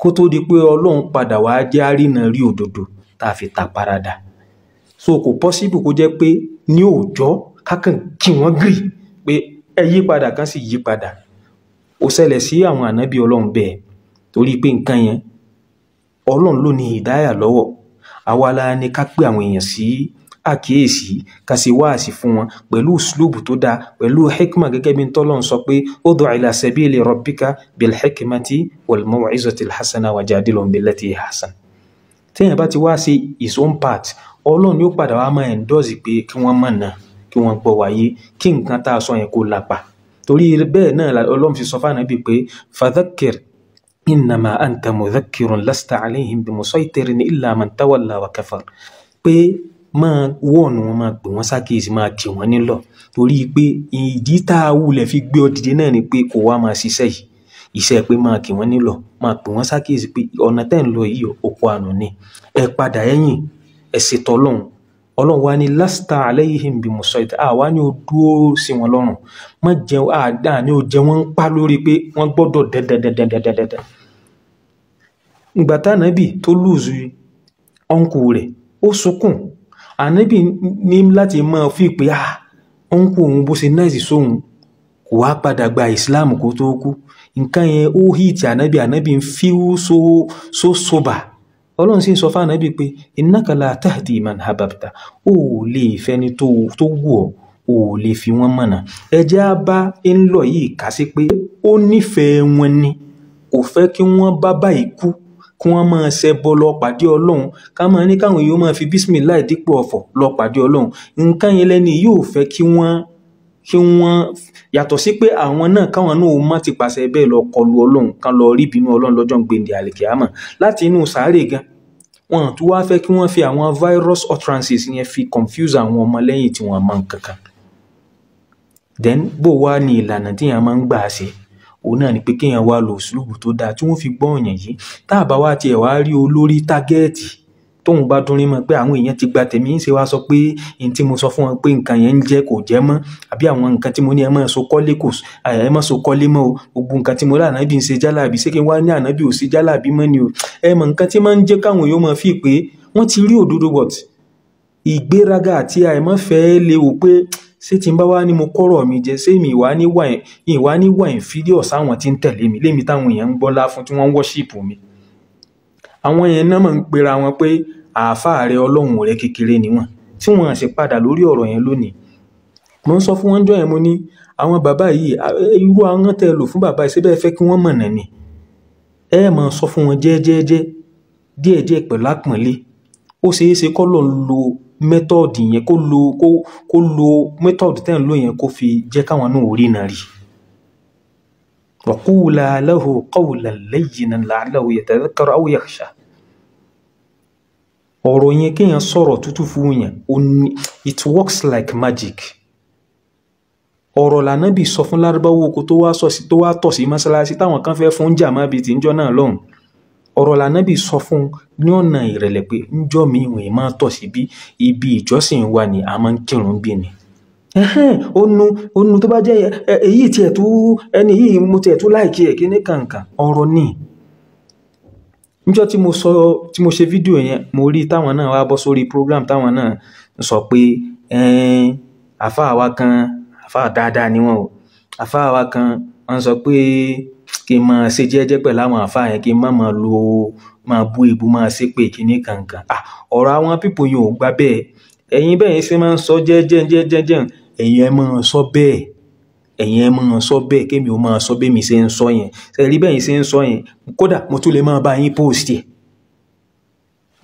kó tó di pé ọlọ́run padà wàá jẹ́ àrínà rí òdodo tá a fi ta parada so kò pọ́síbù kó jẹ́ pé ní òòjọ́ kákan kí wọ́n gírì pé ẹ yí padà kan sì yí padà ó ṣẹlẹ̀ sí àwọn ànábì ọlọ́run bẹ́ẹ̀ torí pé nǹkan yẹn ọlọ́run ló ní ìdáyà lọ́wọ́ àwa la ní ká pé àwọn èèyàn sí àkíyèsí ká ṣe wáàsí fún wọn pẹ̀lú uslubu tó dáa pẹ̀lú hikma gẹ́gẹ́ bí tọ́lọ̀ ń sọ pé ud'u ila sabili rabbika bil hikmati wal maw'izatil hasana wajadilhum billati hasan. téèyàn bá ti wá sí his own part ọlọ́run yóò padà wá máa endorse pé kí wọ́n mọ̀ náà kí wọ́n gbọ́ wáyé kí nǹkan tá a sọ yẹn kó lápa torí bẹ́ẹ̀ náà ọlọ́run fi sọ fáànà bíi pé fadhakkir إنما أنت mudhakkirun لست عليهم bimusaytirin إلا من tawalla وكفر. kafar pé máa wọ́ọ̀nù wọn máa pè wọ́n sákèésí máa tì wọ́n nílọ̀ torí pé ìdí tá a wulẹ̀ fi gbé ọ dìde náà ni pé kò wá máa ṣiṣẹ́ yìí iṣẹ́ pé máa kì wọ́n nílọ̀ máa pè wọ́n sákèésí pé ọ̀nà tẹ́ ń lọ yìí òkú àná ni ẹ padà ẹ̀yìn ẹ ṣètò ọlọ́run ọlọ́run wa ni lásìtà aláìhìn bí mùsọ̀ìtì àwa ni ó dúró sí wọn lọ́rùn má jẹun àdá ni ó jẹ wọ́n ń pa lórí pé wọ́n gbọ́dọ̀ dẹ́dẹ́dẹ́dẹ́dẹ́dẹ́dẹ́ ìgbà tá ànábì tó lùzù ọ̀nkù rẹ̀ ó sunkún ànábì ní láti máa fi pé à ah, ọ̀nkù òun bó ṣe náà sì sóhun kò wá padà gba ìsìláàmù kó tó kú nǹkan yẹn ó hìtì ànábì ànábì ń fíwú so soba ọlọ́run sì ń sọ fún ànábì pé innaka la tahdi man hababta ó lè fẹ́ni tó wù ọ́ ò lè fi wọ́n mọ̀nà ẹjẹ́ á bá ń lọ yìí kà sí pé ó nífẹ̀ẹ́ wọn ni kò fẹ́ kí wọ́n bá báyìí kú kí wọ́n máa ṣẹbọ lọ pàdé ọlọ́run ká máa ní káwọn èèyàn máa fi bísímìláì dípò ọ̀fọ̀ lọ pàdé ọlọ́run nǹkan yẹn lẹ́ni yóò fẹ́ kí wọ́n kí wọ́n yàtọ̀ sí pé àwọn náà káwọn náà ó má ti pàṣẹ bẹ́ẹ̀ lọ kọlu ọlọ́run kan lọ rí ìbínú ọlọ́run lọ́jọ́ gbèǹdé àlìkìámà láti inú sàárè gan wọn tó wá fẹ́ kí wọ́n fi àwọn virus utterances yẹn fi confuse àwọn ọmọlẹ́yìn tí wọ́n mọ nǹkan kan then bó wá ní ìlànà tí yẹn máa ń gbà ṣe òun náà ni pé kéèyàn wá lo òṣùlùbù tó dáa tí wọ́n fi gbọ́ èèyàn yìí tá a bá wá tiẹ̀ wá rí olórí tágẹ́ẹ̀tì tóun bá dún rí mọ pé àwọn èèyàn ti gba tèmi ń ṣe wá sọ pé n tí mo sọ fún wọn pé nǹkan yẹn ń jẹ kò jẹ mọ́ àbí àwọn nǹkan tí mo ní ẹ mọ so kọ́lé kò ẹ mọ so kọ́lé mọ́ o gbogbo nǹkan tí mo rà ànábì ń ṣe jálàbí ṣé kí n wá ní ànábì ò ṣe jálàbí mọ́ ni o ẹ mọ nǹkan tí máa ń jẹ́ káwọn èèyàn máa fi pé wọ́n ti rí òdodo but ìgbéraga àti àìmọ́fẹ́ lè wò pé ṣé tí n bá wá ní mo kọ́rọ̀ mi jẹ ṣé mi ìwà ní wà ìwà ní wà inferior sáwọn tí ń tẹ̀lé mi lémi táwọn èèyàn ń gbọ́lá fún tí wọ́n ń worship mi. àwọn yẹn náà máa ń pera wọn pé àáfàá rẹ ọlọ́run rẹ kékeré ni wọ́n tí wọ́n sì padà lórí ọ̀rọ̀ yẹn lónìí. mo ń sọ fún wọn jọ yẹn mo ní àwọn bàbá yìí irú àwọn tẹ́ lò fún bàbá yìí bẹ́ẹ̀ fẹ́ kí wọ́n mọ̀nà ni ẹ method yẹn kó lo kó kó lo method tẹ̀ ń lò yẹn kó fi jẹ́ káwọn náà rí iná rí. wa qula lahu qawlan layyinan la'allahu yatadhakkaru aw yakhsha ọ̀rọ̀ yẹn kéèyàn sọ̀rọ̀ tútù fún yẹn it works like magic ọ̀rọ̀ lànà bí sọ fún lárúbáwò kó tó wá tọ̀ sí mọ́ṣáláṣí táwọn kan fẹ́ fún jàmábì tìǹjọ́ náà lọ́hùn ọ̀rọ̀ lànàbì sọ fún ní ọ̀nà ìrẹ̀lẹ̀ pé ńjọ́ mi ìwọ̀n máa tọ̀ sí bí ibi ìjọsìn wa ni a máa ń kírun bí ni onu onu tó bá jẹ́ èyí tiẹ̀ tó ẹni èyí mo tiẹ̀ tó láìkí ẹ̀ kí ní kàǹkà ọ̀rọ̀ ni níjọ́ tí mo sọ tí mo ṣe fídíò yẹn mo rí táwọn náà wá bọ́ sórí program táwọn náà sọ pé àfa àwa kan àfáà dáadáa ni wọn o àfa àwa kan wọ́n sọ pé kí n máa ṣe jẹ́jẹ́ pẹ̀lú àwọn àfáà yẹn kí n má máa lo máa bú èébú máa ṣépè kínní kankan à ah, ọ̀rọ̀ àwọn pípò yẹn ò gbà bẹ́ẹ̀ ẹ̀yin bẹ́ẹ̀ ṣe máa ń sọ jẹ́jẹ́ jẹ́jẹ́ ẹ̀yin ẹ máa sọ bẹ́ẹ̀ ẹ̀yin ẹ máa sọ bẹ́ẹ̀ kémi ò máa sọ bẹ́ẹ̀ mi ṣe ń sọ yẹn ẹ̀rí bẹ́ẹ̀ ṣe ń sọ yẹn kódà mo tún lè máa bá yín post yẹn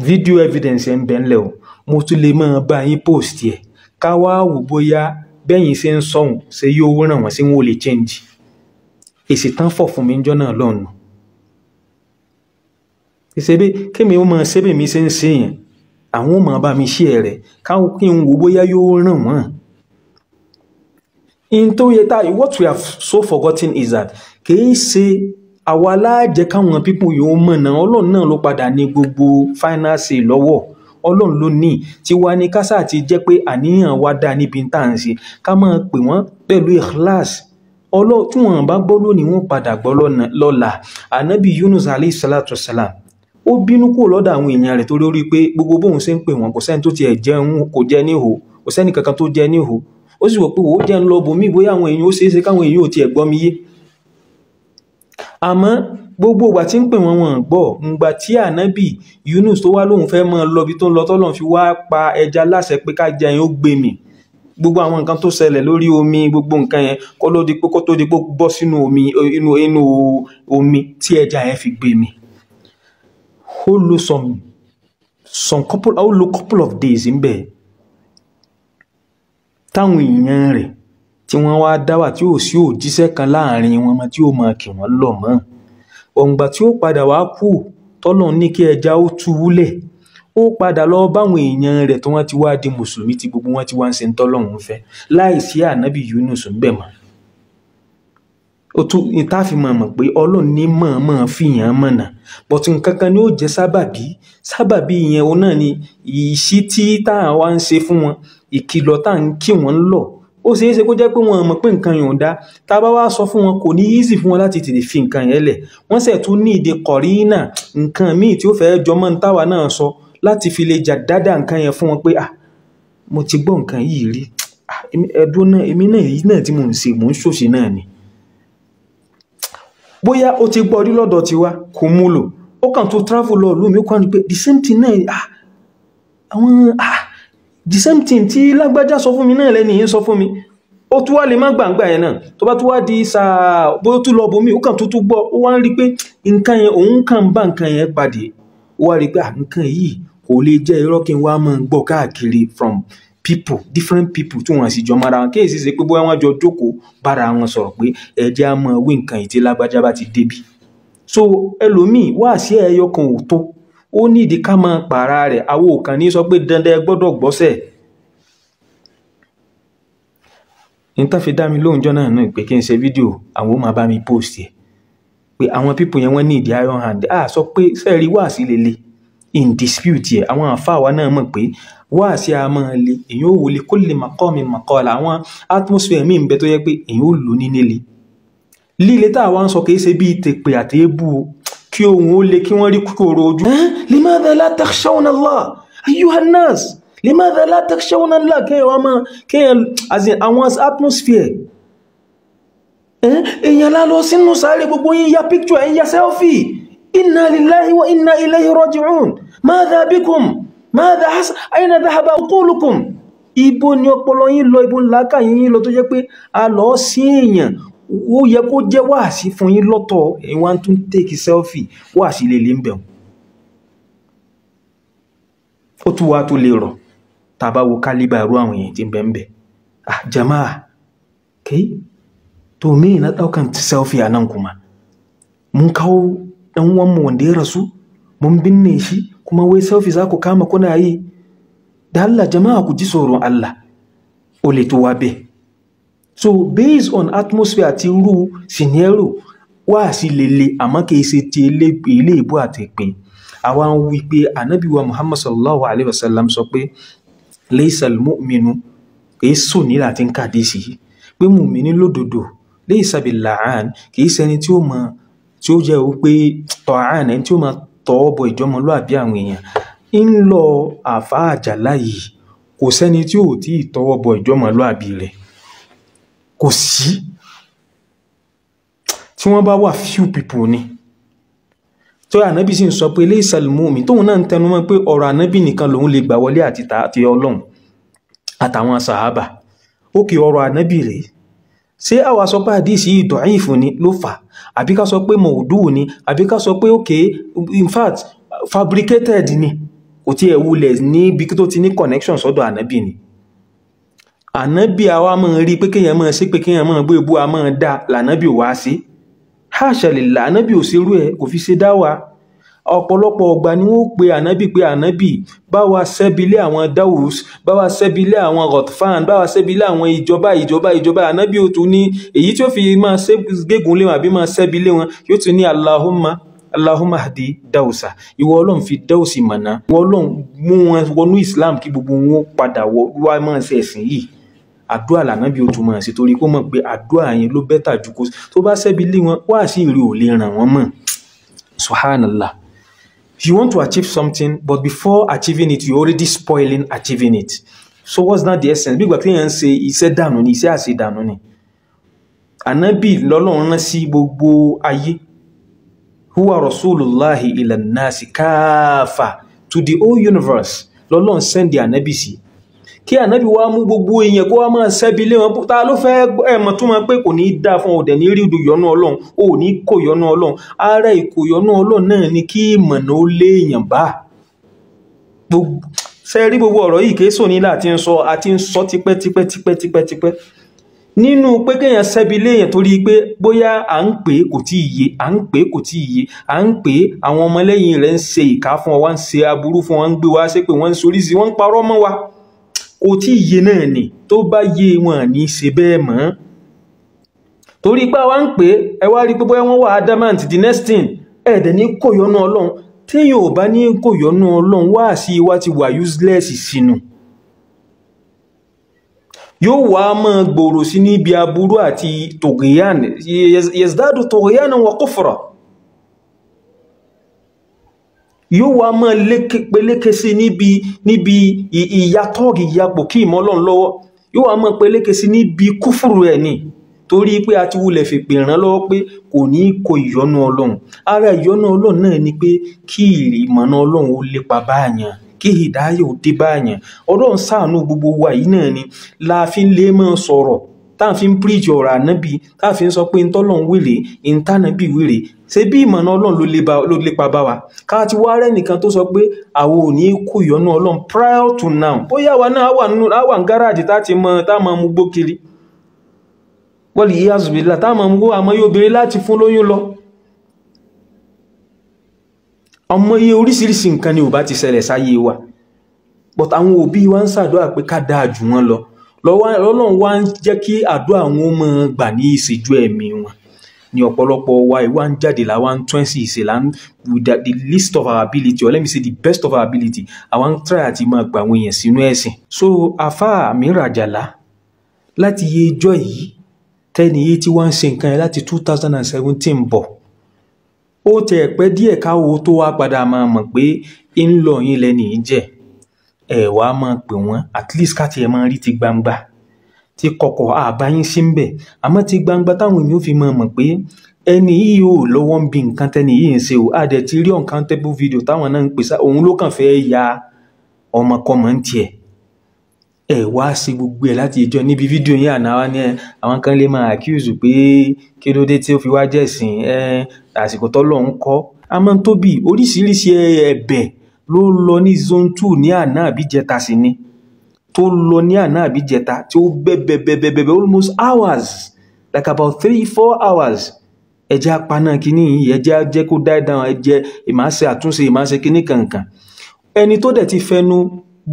video evidence ẹ̀ ń bẹ ńlẹ̀ o mo tún lè máa bá yín post yẹn ká wá wò bóyá bẹ́yìn ṣe ń sọ̀hún ṣe yóò ràn wọ́n sí wọn ò lè change èsì tán fọ̀ fún mi níjọ́ náà lọ́nu ìṣebí kémi ó mọ ṣébè mi ṣe ń ṣe àwọn ò bá mi ṣe rẹ káwọn kí n wò bóyá yóò ràn wọ́n. in tó yẹ tá what we have so forgotten is that kì í ṣe àwa aláàjẹ káwọn pípò yòó mọ̀ náà ọlọ́run náà ló padà ní gbogbo fáínánsì lọ́wọ́ ọlọ́run ló ní tiwa ní kásá àti jẹ́ pé àníyàn wa dá níbi tá à ń ṣe ká máa pè wọ́n pẹ̀lú ìkíláàsì ọlọ́ tí wọ́n bá gbọ́ lónìí wọ́n padà gbọ́ lọ́la ànábì Yunus alayhi salatu salam ó bínú kúrò lọ́dọ̀ àwọn èèyàn rẹ̀ torí orí pé gbogbo bóun ṣe ń pè wọ́n kò sẹ́ni tó tiẹ̀ jẹun kò jẹ níhò kò sẹ́ni kankan tó jẹ níhò ó sì wò pé wò ó jẹ́ ń lọ bòmí bóyá àwọn èèyàn ó ṣeé káwọn èèyàn ò tiẹ̀ gbọ́ mi yé àmọ́ gbogbo ìgbà tí ń pè wọ́n wọ́n gbọ́ ǹgbà tí ànábì Yunus tó wá lóun fẹ́ mọ́ lọ́bi tó ń lọ tọ́lọ́n fi wá pa ẹja láṣẹ pé ká jẹun ó gbé mi gbogbo àwọn nǹkan tó ṣẹlẹ̀ lórí omi gbogbo nǹkan yẹn kó ló di pé tó di pé bọ́ sínú omi inú inú omi tí ẹja yẹn fi gbé mi ó lo some some couple ó lo couple of days ń bẹ̀ táwọn èèyàn rẹ̀ tí wọ́n wá dáwà tí ò sí òjíṣẹ́ kan láàrin wọn mọ́ tí ó máa kì wọ́n lọ̀ mọ́ ọ̀ǹgbà tí ó padà wá kú tọ́lọ̀ ní kí ẹja ó tu wúlẹ̀ ó padà lọ báwọn èèyàn rẹ̀ tí wọ́n ti wá di mùsùlùmí tí gbogbo wọn ti wá ń ṣe tọ́lọ́hún fẹ́ láì sí ànábì Yunus ń bẹ̀ mọ́ o tún ìtàfi mọ̀ mọ̀ pé ọlọ́run ní mọ̀ọ́mọ̀ fìyàn mọ̀nà bọ̀tù nǹkankan ni ó jẹ́ sábàbí sábàbí yẹn o náà ni ìṣí tí tá à wá ń ṣe fún wọn ìkìlọ̀ tá à ń kí wọ́n lọ ó ṣeé ṣe kó jẹ́ pé wọ́n mọ̀ pé nǹkan yòó dá tá a bá wá sọ fún wọn kò ní easy fún wọn láti tètè fi nǹkan yẹn lẹ̀ wọ́n ṣẹ̀ tún ní ìdè kọ̀rí nǹkan míì tí ó fẹ́ jọmọ́ ń táwa náà sọ so láti fi lè jà dáadáa nǹkan yẹn fún wọn pé à ah, mo ti gbọ́ nǹkan yìí rí ah, ẹ̀dùn náà èmi náà èyí náà tí mò ń ṣe mò ń ṣòṣì náà ni. bóyá ó ti gbọ́ rí lọ́dọ̀ tiwa kò mú lò ó kàn tó travel lọ lómi ó kàn rí pé the same thing náà ah àwọn ah the same thing tí lágbájá sọ fún mi náà lẹ́nu yìí sọ fún mi ó tún wá lè má gbàǹgbà yẹn náà tó bá tún wá di sáà bó tún lọ bomi ó kàn tó tún gbọ́ ó wá ń rí pé nǹkan yẹn òun kàn ń bá nǹkan yẹn pàdé ó wá rí pé ah, nǹkan yìí kò lè jẹ́ irọ́ kí n wá máa gbọ́ káàkiri from people different people tí wọ́n sì jọ mara wọn kéèsì ṣe pé bóyá wọ́n jọ jókòó bára wọn sọ̀rọ̀ pé ẹ̀jẹ̀ á máa wí nǹkan ìtì lágbájá bá ti débi. so ẹlòmíì wá sí ẹyọ kan ò tó ó ní ìdí ká máa pààrà rẹ̀ àwọn òkàn ní sọ pé dandan ẹ gbọ́dọ̀ gbọ́sẹ̀. ní tá fi dá mi lóhùn jọ́nà náà pé kí n ṣe fídíò àwọn ó máa bá mi post yẹ pé àwọn people yẹn wọ́n ní ìdí iron hand ah sọ pé sẹ́ẹ̀rí wá sí lélẹ̀ in dispute yẹ àwọn àfáàwa náà mọ̀ pé wáàsí a máa le èyàn ò wọlé kó lè màkọ́ mi màkọ́ la àwọn atmosphere mi ń bẹ tó yẹ pé èyàn ò lò ní nílé líle tá a wá ń sọ kì í ṣe bíi tèpè àti èébú kí ohun ó le kí wọ́n rí kúrò ojú. limadha la takhshawna Allah ayyuhan nas limadha la takhshawna Allah kéèyàn wá máa kéèyàn as in àwọn atmosphere èèyàn lálọ sínú sáré gbogbo yín ya picture ẹ̀ ń ya selfie inna lillahi wa inna ilayhi raji'un madha bikum madha hasa aina dhahaba uqulukum ibo ni ọpọlọ yín lọ ibo ńlá ká yín lọ tó jẹ́ pé a lọ sí èèyàn ó yẹ kó jẹ́ wáàsí fún yín lọ́tọ̀ ìwà tó ń tèkì sẹ́ọ̀fì wáàsí lè lè ń bẹ̀rù ó tún wá tó lè rọ̀ tàbá wo kálíbà irú àwọn èèyàn tí ń bẹ̀m̀bẹ̀ ah jama'a kai to me na ɗaukan selfie a kuma mun kawo ɗan uwanmu wanda ya rasu mun binne shi kuma wai saufi za ku kama kuna yi da Allah jama'a ku ji tsoron Allah oletuwa be so based on atmosphere àti irú scenario wá sí lele àmọ́ kìí ṣe ti ilé ìbú àti ìpín àwa ń wí pé ànábì wa Muhammad sallallahu alayhi wa sallam sọ pé laysal mu'minu kìí sùn ní láti ń kàdé sí i laysa bil la'an kìí ṣẹni tí ó mọ tí ó jẹ́ wípé tọ́ àánẹ́ tí ó máa tọ́ bọ ìjọmọlúàbí àwọn èèyàn ń lọ àfa àjàlá yìí kò sẹ́ni tí ò tí ì tọwọ́ bọ ìjọmọlúàbí rẹ̀ kò sí tí wọ́n bá wà few people ni tó ànábì sì ń sọ pé léyìí sàlùmù mi tóun náà ń tẹnu mọ́ pé ọ̀rọ̀ ànábì nìkan lòun lè gbà wọlé àti ọlọ́run àtàwọn sàhábà ókè ọ̀rọ̀ ànábì rèé ṣé àwa sọ pé àdìsí ìdọ̀ífù ni ló fà àbí ká sọ pé mọ̀ọ́dù ni àbí ká sọ pé òkè in fact fabricated ni kò tí ẹ̀ wulẹ̀ níbi tó ti ní connection sọ́dọ̀ ànábì ni ànábì àwa máa rí pé kéèyàn máa ṣe pé kéèyàn máa gbé ebú a máa dá lànábì wá sí háṣẹlẹ̀ lànábì ò ṣerú ẹ̀ kò fi ṣe dá wa ọ̀pọ̀lọpọ̀ ọgbà ni wọ́n pe ànábì pé ànábì bá wa ṣẹ́bilé àwọn daus bá wa ṣẹ́bilé àwọn rotfan bá wa ṣẹ́bilé àwọn ìjọba ìjọba ìjọba ànábì ó tún ní èyí tí ó fi máa gégùn lé wọn àbí máa ṣẹ́bilé wọn yóò tún ní Allahumma Allahumma hadi dausa ìwọ ọlọ́run fi dausi mọ̀nà ìwọ ọlọ́run mú wọn wọnú Islam kí gbogbo wọn padà wá máa ṣe ẹ̀sìn yìí àdúrà lànàbí o tún máa ṣe torí kó mọ̀ pé àdúrà yẹn ló bẹ́tà ju kó tó bá ṣẹ́bi lé wọn wá sí ìrì ò lè ràn wọ́n mọ́ subhanallah you want to achieve something but before achieving it you already spoiling achieving it so what's not the essence Big say he ìgbà down on ń ṣe I dànù down on àṣedànù ni lolo lọ́lọ́run si sí gbogbo Who are Rasulullah ila nasi káfà to the whole universe lolo send the ànábì kí ànábì wá mú gbogbo èèyàn kó wá máa ṣẹ́bi lé wọn ta ló fẹ́ ẹ̀mọ̀ tó máa pé kò ní í dáa fún ọ̀dẹ̀ ní rí ìyọnú ọlọ́run ò ní kò yọnú ọlọ́run ara ìkò yọnú ọlọ́run náà ni kí ìmọ̀nà ó lé èèyàn bá ṣe rí gbogbo ọ̀rọ̀ yìí kì í sòní láti ń sọ àti ń sọ tipẹ́tipẹ́tipẹ́tipẹ́ nínú pé kéèyàn ṣẹ́bi léèyàn torí pé bóyá à ń pè kò tí ì yé à ń pè kò tí ì yé à ń pè àwọn ọmọlẹ́yìn rẹ̀ ń ṣe ìkà fún ọ wá ń ṣe aburú fún ọ wá ń gbé wá ṣépè wọ́n ń sorí sí wọ́n ń parọ́ mọ́ wa kò tí ì yé náà ni tó bá yé wọn ní í ṣe bẹ́ẹ̀ mọ́ torí pé àwa ń pè é ẹ wá rí i pé bóyá wọ́n wà adamant the next thing ní kò ọlọ́run téèyàn ò bá ní kò ọlọ́run wá sí iwá ti wà useless sínú yóò wá máa gbòòrò sí níbi aburú àti tògìyàn yẹsdádù tògìyàn wọn kò fọ̀rọ̀ yóò wá mọ́ peléke sí níbi níbi ìyàtọ́ọ̀gì ìyapò kí ìmọ̀ ọlọ́run lọ́wọ́ yóò wá mọ́ peléke sí níbi kúfùrù ẹ̀ ni torí pé a ti wulẹ̀ fèpè ràn lọ́wọ́ pé kò ní kó ìyọ́nú ọlọ́run ara ìyọ́nú ọlọ́run náà ni pé kí ìmọ̀nà ọlọ́run ó lépa báàyàn kí ìdáyà ó dé báàyàn ọlọ́run ṣàánú gbogbo wa yìí náà ni la fi ń lè máa sọ̀rọ̀ táà fi ń píríjì ọ̀rọ̀ ànábì táà fi ń sọ pé ntọ́lọ́hún wèrè ntánàbì wèrè ṣé bí ìmọ̀nà ọlọ́run ló lépa bá wa káà ti wá rẹ́nìkan tó sọ pé àwọn ò ní kú ìyọnú ọlọ́run prior to now bóyá wa náà wà ní gáràjì tá ti mọ tá máa mú gbó kiri wọ́n lè yí azùbílà tá máa mú gbó àmọ́ yóò béèrè láti fún lóyún lọ ọmọ iye oríṣiríṣi nǹkan ni ò bá ti ṣẹlẹ̀ sáyé wa but àwọn òbí wa ń ṣàdúrà pé ká dáa jù wọ́n lọ lọ́lọ́run wá ń jẹ́ kí àdúrà wọn mọ̀ gbà ní ìṣẹ́jú ẹ̀mí wọn ní ọ̀pọ̀lọpọ̀ wa ìwà ń jáde làwa ń tún ẹ̀sìn ìṣe là ń the list of our ability or let me say the best of our ability àwa ń try àti máa gbà àwọn èèyàn sínú ẹ̀sìn. so afa mi ràjàlá láti iye ijọ́ yìí tẹ́ni yìí tí wọ́n ń ṣe nǹkan yẹn láti two thousand and seventeen bọ̀ ó tẹ̀ pẹ́ díẹ̀ káwo tó wá padà máa mọ̀ pé ń yín lẹ́nìí jẹ́ ẹ wàá máa pè wọ́n at least ká tiẹ̀ máa rí ti gbangba ti kọ̀kọ̀ àbáyín sí ń bẹ̀ àmọ́ ti gbangba táwọn èèyàn fi máa mọ̀ pé ẹni yìí ò lọ́wọ́ ń bi nǹkan tẹ́ni yìí ń ṣe o àdẹ̀ ti rí uncountable video táwọn náà ń pè sá òun ló kàn fẹ́ ya ọmọkọmọ ń tiẹ̀ ẹ wá sí gbogbo ẹ láti ìjọ níbi fídíò yìí àná wa ni ẹ àwọn kan lè máa accuse pé kí ló dé tí ó fi wá jẹ̀sìn ẹ àsìkò tọ́lọ́ ń kọ́ a máa ń tóbi oríṣiríṣi ẹ̀bẹ̀ ló lọ ní zone two ní àná àbíjẹta sí ni tó lọ ní àná àbíjẹta tí ó bẹ́bẹ́bẹ́bẹ́bẹ́ almost hours like about three four hours ẹjẹ́ apaná kínní yìí ẹjẹ́ jẹ́ kó die down ẹjẹ́ ìmáṣe àtúnṣe ìmáṣe kínní kankan ẹni tó dẹ̀ ti fẹnu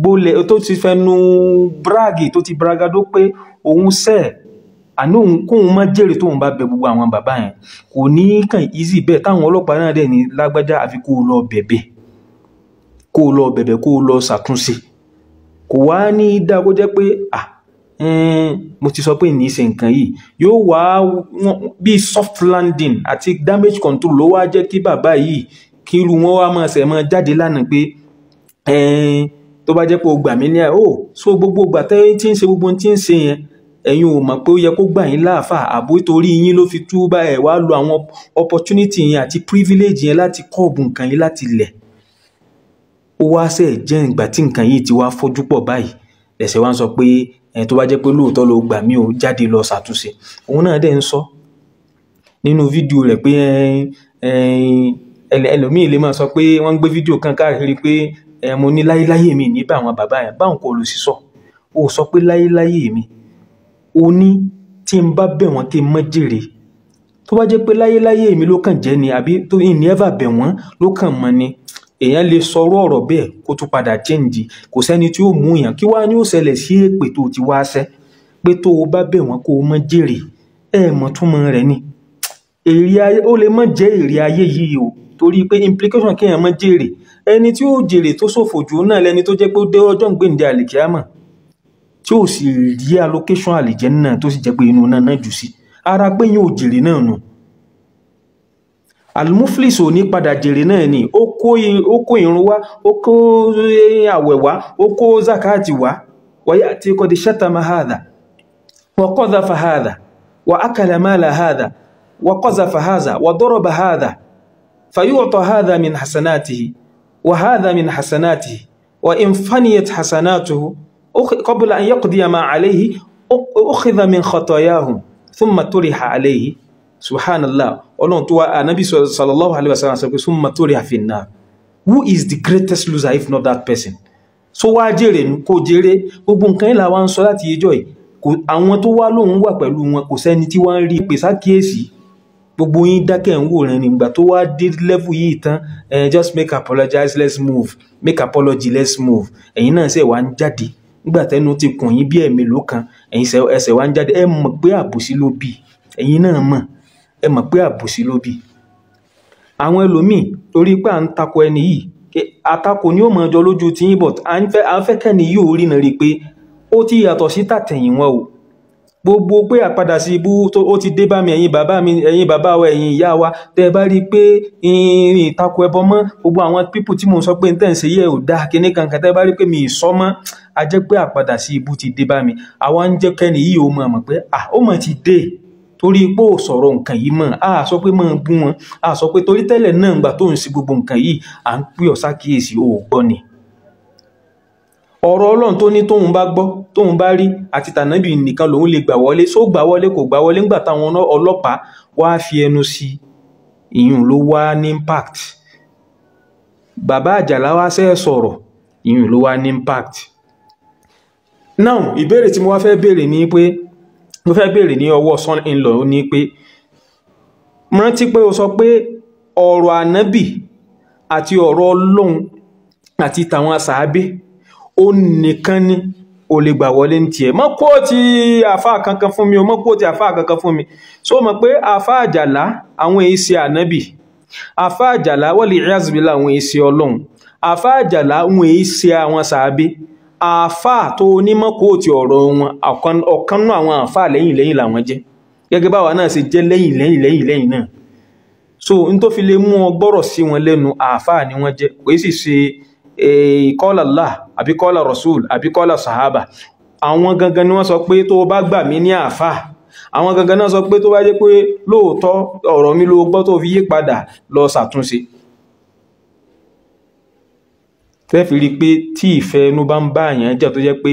gbólẹ̀ tó ti fẹnu bragi tó ti bragado pé òun sẹ́ẹ̀ àní òun kóun má jèrè tóun bá bẹ gbogbo àwọn bàbá yẹn kò ní kàn easy bẹ́ẹ̀ táwọn ọlọ́pàá náà dẹ̀ ní lágbájá àfi kó lọ bẹ̀bẹ̀ kó o lọ bẹ̀bẹ̀ kó o lọ ṣàtúnṣe kò wá ní dá kó jẹ́ pé à mo ti sọ pé ní í ṣe nǹkan yìí yóò wá bí soft landing àti damage control ló wá jẹ́ kí bàbá yìí kí irú wọn wá máa ṣẹ̀ máa jáde lánàá pé tó bá jẹ́ pé o gbà mí ní ẹ̀ o oh, so gbogbo ìgbà tí ń ṣe gbogbo tí ń ṣe yẹn ẹ̀yin ò mọ̀ pé ó yẹ kó gbà yín láàfà àbó torí yín ló fi tú bá wá lo àwọn opportunity yẹn àti privilege yẹn láti kọ́ọ̀bù nǹkan yín láti lẹ̀ ó wá ṣe jẹ́ ìgbà tí nǹkan yìí ti wá fojú pọ̀ báyìí lẹ̀sẹ̀ wá ń sọ pé ẹ̀ tó bá jẹ́ pé lóòótọ́ ló gbà mí ò jáde lọ ṣàtúnṣe òun náà dẹ̀ ń sọ nínú fídíò rẹ̀ pé ẹlòmíì lè máa sọ pé wọ́n ń gbé fídíò kan káàkiri pé mo ní láyéláyé mi ní bá bàbá yẹn báwọn kò lò sí sọ ó sọ pé láyéláyé mi ó ní tí n bá bẹ̀ wọ́n kí n mọ́ jèrè tó bá jẹ́ pé láyéláyé mi ló kàn jẹ́ ni àbí tó ní ẹ̀fà bẹ̀ wọ́n ló kàn mọ́ ni èèyàn lè sọrọ ọ̀rọ̀ bẹ́ẹ̀ kó tún padà chẹ́ǹdì kò sẹni tí ó mú yàn kí wàá ní ó ṣẹlẹ̀ sí èpè tó ti wá ṣẹ́ pé tó o bá bẹ̀ wọn kó o mọ jèrè ẹ̀ mọ̀ ni ó lè mọ̀ jẹ́ èrè ayé yìí o torí pé implication kéèyàn jèrè ẹni tí ó jèrè tó ṣòfò jù náà lẹni tó pé ó dé tí sì rí allocation náà tó sì pé inú náà ara pé jèrè náà nù. almuflis ò ní padà jèrè náà ni ó kó irun wá ó kó e, àwẹ̀ wá ó kó zakati وأكل مال هذا وقذف هذا وضرب هذا فيعطى هذا من حسناته وهذا من حسناته وإن فنيت حسناته قبل أن يقضي ما عليه أخذ من خطاياهم ثم طرح عليه سبحان الله ọlọ́run tó wá anabi ah, sallallahu alayhi wa sallam sọ pé summa turiha fin nar who is the greatest loser if not that person so wá jèrè kó jèrè gbogbo nǹkan ìlà wa ń sọ láti ẹjọ́ yìí àwọn tó wá lóun wà pẹ̀lú wọn kò sẹ́ni tí wọ́n ń rí pè sákìyèsí gbogbo yín dákẹ́ ń wòran nígbà tó wá dé level yìí tán eh, just make apologize let's move make apology let's move ẹ̀yin náà ṣe wá ń jáde nígbà tẹnu ti kùn yín bí ẹ̀mí ló kan ẹ̀yin ẹsẹ̀ wá ń jáde ẹ mọ̀ pé àbòsí ló bì ẹ̀yin náà mọ̀ ẹ mọ̀ pé àbòsí ló bì àwọn ẹlòmíì torí pé à ń takò ẹni yìí àtakò ni ó mọ̀ ọjọ́ lójú ti yín but à ń fẹ́ à ń fẹ́ kẹ́ni yìí ò rí náà rí i pé ó ti yàtọ̀ sí tàtẹ̀yìn wọn o gbogbo pé àpadà sí ibú tó ó ti dé bá mi ẹ̀yin bàbá mi ẹ̀yin bàbá wa ẹ̀yin ìyá wa tẹ́ ẹ bá rí i pé ìrìn ìtakò ẹbọ mọ́ gbogbo àwọn pípù tí mò ń sọ pé ntẹ̀ ń ṣe yẹ ò dáa kíní kankan tẹ́ ẹ bá rí i pé mi ì sọ mọ́ a jẹ́ pé àpadà sí ibú ti dé bá mi àwa ń jẹ́ kẹ́ni yìí ó mọ̀ mọ̀ pé à ó mọ̀ ti dé torí pé ò sọ̀rọ̀ nǹkan yìí mọ̀ á sọ pé mọ̀ bú wọn á sọ pé torí tẹ́lẹ̀ náà gbà tó ń ṣe gbogbo nǹkan yìí à ń pè ọ́ sákìyèsí ò gbọ́ ni ọ̀rọ̀ ọlọ́run tó ní tóun bá gbọ́ tóun bá rí àti tànàbì nìkan lòun lè gbà wọlé só gbà wọlé kò gbà wọlé ńgbà táwọn ọlọ́pàá wáá fi ẹnu sí ìyún ló wá ní impact bàbá àjàlá wá sẹ́ sọ̀rọ̀ ìyún ló wá ní impact now ìbéèrè tí mo wá fẹ́ béèrè ni pé mo fẹ́ béèrè ní ọwọ́ son-in-law ó ní pé mo rántí pé o sọ pé ọ̀rọ̀ ànábì àti ọ̀rọ̀ ọlọ́run àti tàwọn sàábé ó nìkan ni o lè gbà wọlé ní tiẹ̀ mọ́ kó ti àfáà kankan fún mi o mọ́ kó ti àfáà kankan fún mi so mọ̀ pé àfáà àjàlá àwọn èyí ṣe ànábì àfáà àjàlá wọ́n lè rí àzùbílà àwọn èyí ṣe ọlọ́run àfáà àjàlá àwọn èyí ṣe àwọn sàábé àáfàá tó onímọ̀ kóòtù ọ̀rọ̀ wọn ọ̀kan náà àwọn àáfàá lẹ́yìn lẹ́yìn làwọn jẹ́ gẹ́gẹ́ báwa náà ṣe jẹ́ lẹ́yìn lẹ́yìn lẹ́yìn lẹ́yìn náà so n tó fi lè mú ọ gbọ́rọ̀ sí wọn lẹ́nu àáfàá ni wọ́n jẹ́ kò sì ṣe kọ́là Allah àbí kọ́là Rasul àbí kọ́là sahaba àwọn gangan ni wọ́n sọ pé tó bá gbà mí ní àáfàá àwọn gangan náà sọ pé tó bá jẹ́ pé lóòótọ́ ọ̀rọ̀ mi ló gbọ́ tó fi yí padà lọ ṣàtúnṣe tẹ́ fi rí i pé tí ìfẹ́ inú bá ń bá àyàn jà tó jẹ́ pé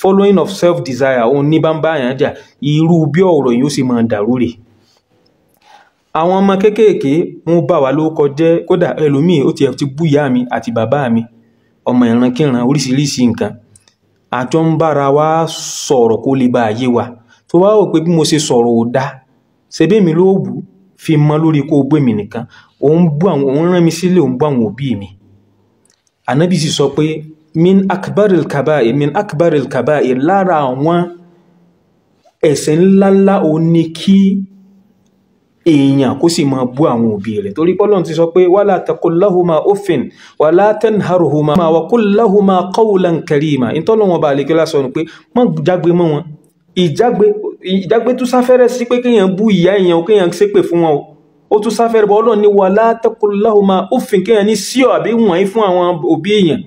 following of self desire òun ní bá ń bá àyàn jà irú bí ọ̀rọ̀ yìí ó sì máa dàrú rè àwọn ọmọ kéékèèké wọn bá wa lórúkọ jẹ́ kódà ẹlòmíì ó tiẹ̀ ti bú ìyá mi àti bàbá mi ọmọ ìrankíran oríṣiríṣi nǹkan àjọ ń bára wa sọ̀rọ̀ kó lè bá ayé wa tó wá rò pé bí mo ṣe sọ̀rọ̀ ò dáa ṣebí mi ló wù fi mọ lórí kó gbé mi nìkan òun rán mi sílé òun bú àwọn òbí mi ànábì sì sọ pé min akbaril kabair min akbaril kabair lára àwọn ẹ̀ṣẹ̀ ńláńlá ó ní kí èèyàn kó sì máa bú àwọn òbí rẹ̀ torí pọ́lọ́n ti sọ pé wala taqul lahuma uffin wala tanharhuma wa qul lahuma qawlan karima ìtọ́lọ́wọ́n bá àlekẹ́lá sọ ni pé má jágbe mọ́ wọn ìjágbe tó sáfẹ́rẹ́ sí pé kéèyàn bú ìyá èèyàn kéèyàn ṣépè fún wọn o ó tún sáfẹ́rẹ̀ bọ́ ọlọ́run ní wà látẹ́kùnláhùmá ó fi kéèyàn ní sí ọ̀ àbí wọ̀nyí fún àwọn òbí èèyàn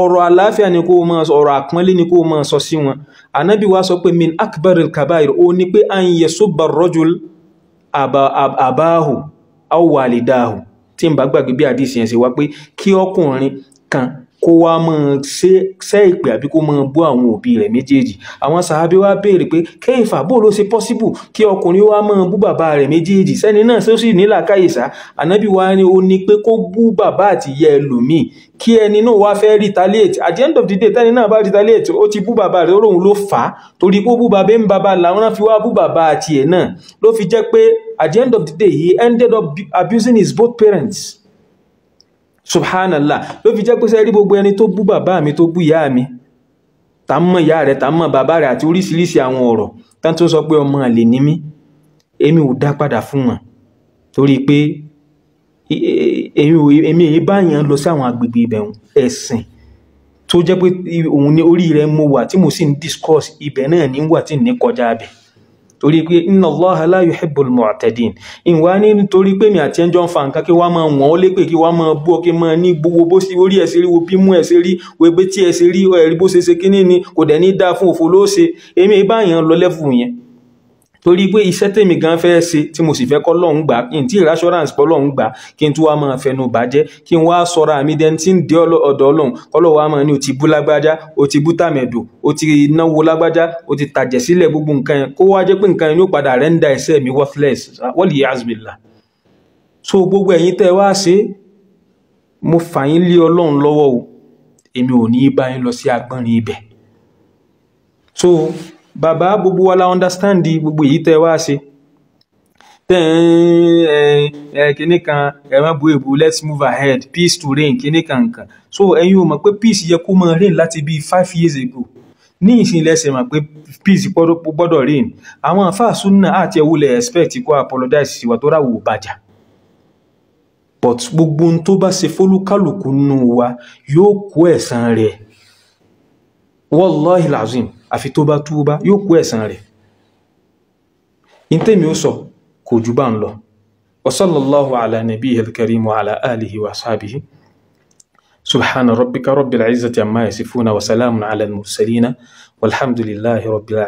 ọ̀rọ̀ àlàáfíà ni kó o máa sọ ọ̀rọ̀ àpọ́nlé ni kó o máa sọ sí wọn ànábì wa sọ pé min akbar al-kabair ó ní pé an yasubba ar-rajul abahu walidahu tí n bá gbàgbé bí àdìsí yẹn wá pé kí ọkùnrin kan kó wá máa ṣẹ́ ìpè àbí kó máa bú àwọn òbí rẹ̀ méjèèjì àwọn sàábí wá béèrè pé kéèfà bó ló ṣe pọ́síbù kí ọkùnrin wá máa bú bàbá rẹ̀ méjèèjì sẹ́ni náà ṣó sì nílà káyèsá ànábì wá ní ó ní pé kó bú bàbá àti ìyá ẹlòmíì kí ẹni náà wá fẹ́ retaliate at the end of the day tẹ́ni náà bá retaliate ó ti bú bàbá rẹ̀ ó lóun ló fà á torí pé ó bú bàbá ń bàbá làwọn náà fi wá bú bàbá àti ẹ̀ náà ló fi jẹ́ pé at the end of the day he ended up abusing his both parents subhanallah ló fi jẹ́ pé sẹ́rí gbogbo ẹni tó bú bàbá mi tó bú ìyá mi ta mọ̀ ìyá rẹ̀ a mọ̀ bàbá rẹ̀ àti oríṣiríṣi àwọn ọ̀rọ̀ tá tó sọ pé ọmọ àlè ní mí èmi ò dá padà fún wọn torí pé e, e, èmi èyí báyàn lọ sí àwọn agbègbè ìbẹ̀wọ̀n ẹ̀sìn tó jẹ́ pé òun ni orí rẹ̀ mo wà tí mo sì ń discuss ibẹ̀ náà ní wà tí ní kọjá abẹ̀ torí pé inna Allaha la yuhibbul mu'tadin ìwà ní torí pé mi àti ẹjọ́ ń fa nǹkan kí wọ́n máa wọ́n ó lépè kí wọ́n máa bú ọ máa ní gbogbo bó sí orí ẹ̀sẹ̀ rí wo bí mú ẹ̀sẹ̀ rí wo ebí tí ẹ̀sẹ̀ rí ẹ̀rí bó ṣe ṣe kíní ni kò dẹ̀ ní dáa fún òfò lóṣè èmi ìbáyàn lọ lẹ́fù yẹn torí pé iṣẹ́ tèmi gan fẹ́ ṣe tí mo sì fẹ́ kọ́ lọ́hùn gbà kí n tí reassurance kọ́ lọ́hùn gbà kí n tún wá máa fẹnu bàjẹ́ kí n wá sọ̀rọ̀ àmì dẹni tí ń dé ọ̀dọ̀ ọlọ́hùn kọ́lọ́ wa máa ní o ti bú lágbájá o ti bú tàmẹ̀dò o ti náwó lágbájá o ti tàjẹ̀ sílẹ̀ gbogbo nǹkan yẹn kó wá jẹ́ pé nǹkan yẹn yóò padà rẹ́ńdà iṣẹ́ mi worthless wọ́n lè azbilla so gbogbo ẹ̀yin tẹ́ wá ṣe mo fà yín lé ọlọ́run lọ́wọ́ o èmi ò ní í bá so Baba, gbogbo wa la understand gbogbo èyí tẹ́ wá ṣe tẹ́ ẹ kíní kan ẹ bu èbú let's move ahead peace to reign kíní kan kan so ẹ̀yin ò mọ̀ pé peace yẹ kó máa reign láti bíi five years ago ní ìsinlẹ̀sẹ̀ mọ̀ pé peace gbọ́dọ̀ reign àwọn àfáàsù náà àti ẹ̀wúlẹ̀ expect kó apologize sí wa tó ráwò bàjá but gbogbo ohun tó bá ṣe fólúkálùkù nù wa yóò kó ẹ̀san rẹ̀ والله العظيم افي توبا توبا يوكو اسنري انت ميوسو كوجبان لو وصلى الله على نبيه الكريم وعلى اله واصحابه سبحان ربك رب العزه عما يصفون وسلام على المرسلين والحمد لله رب العالمين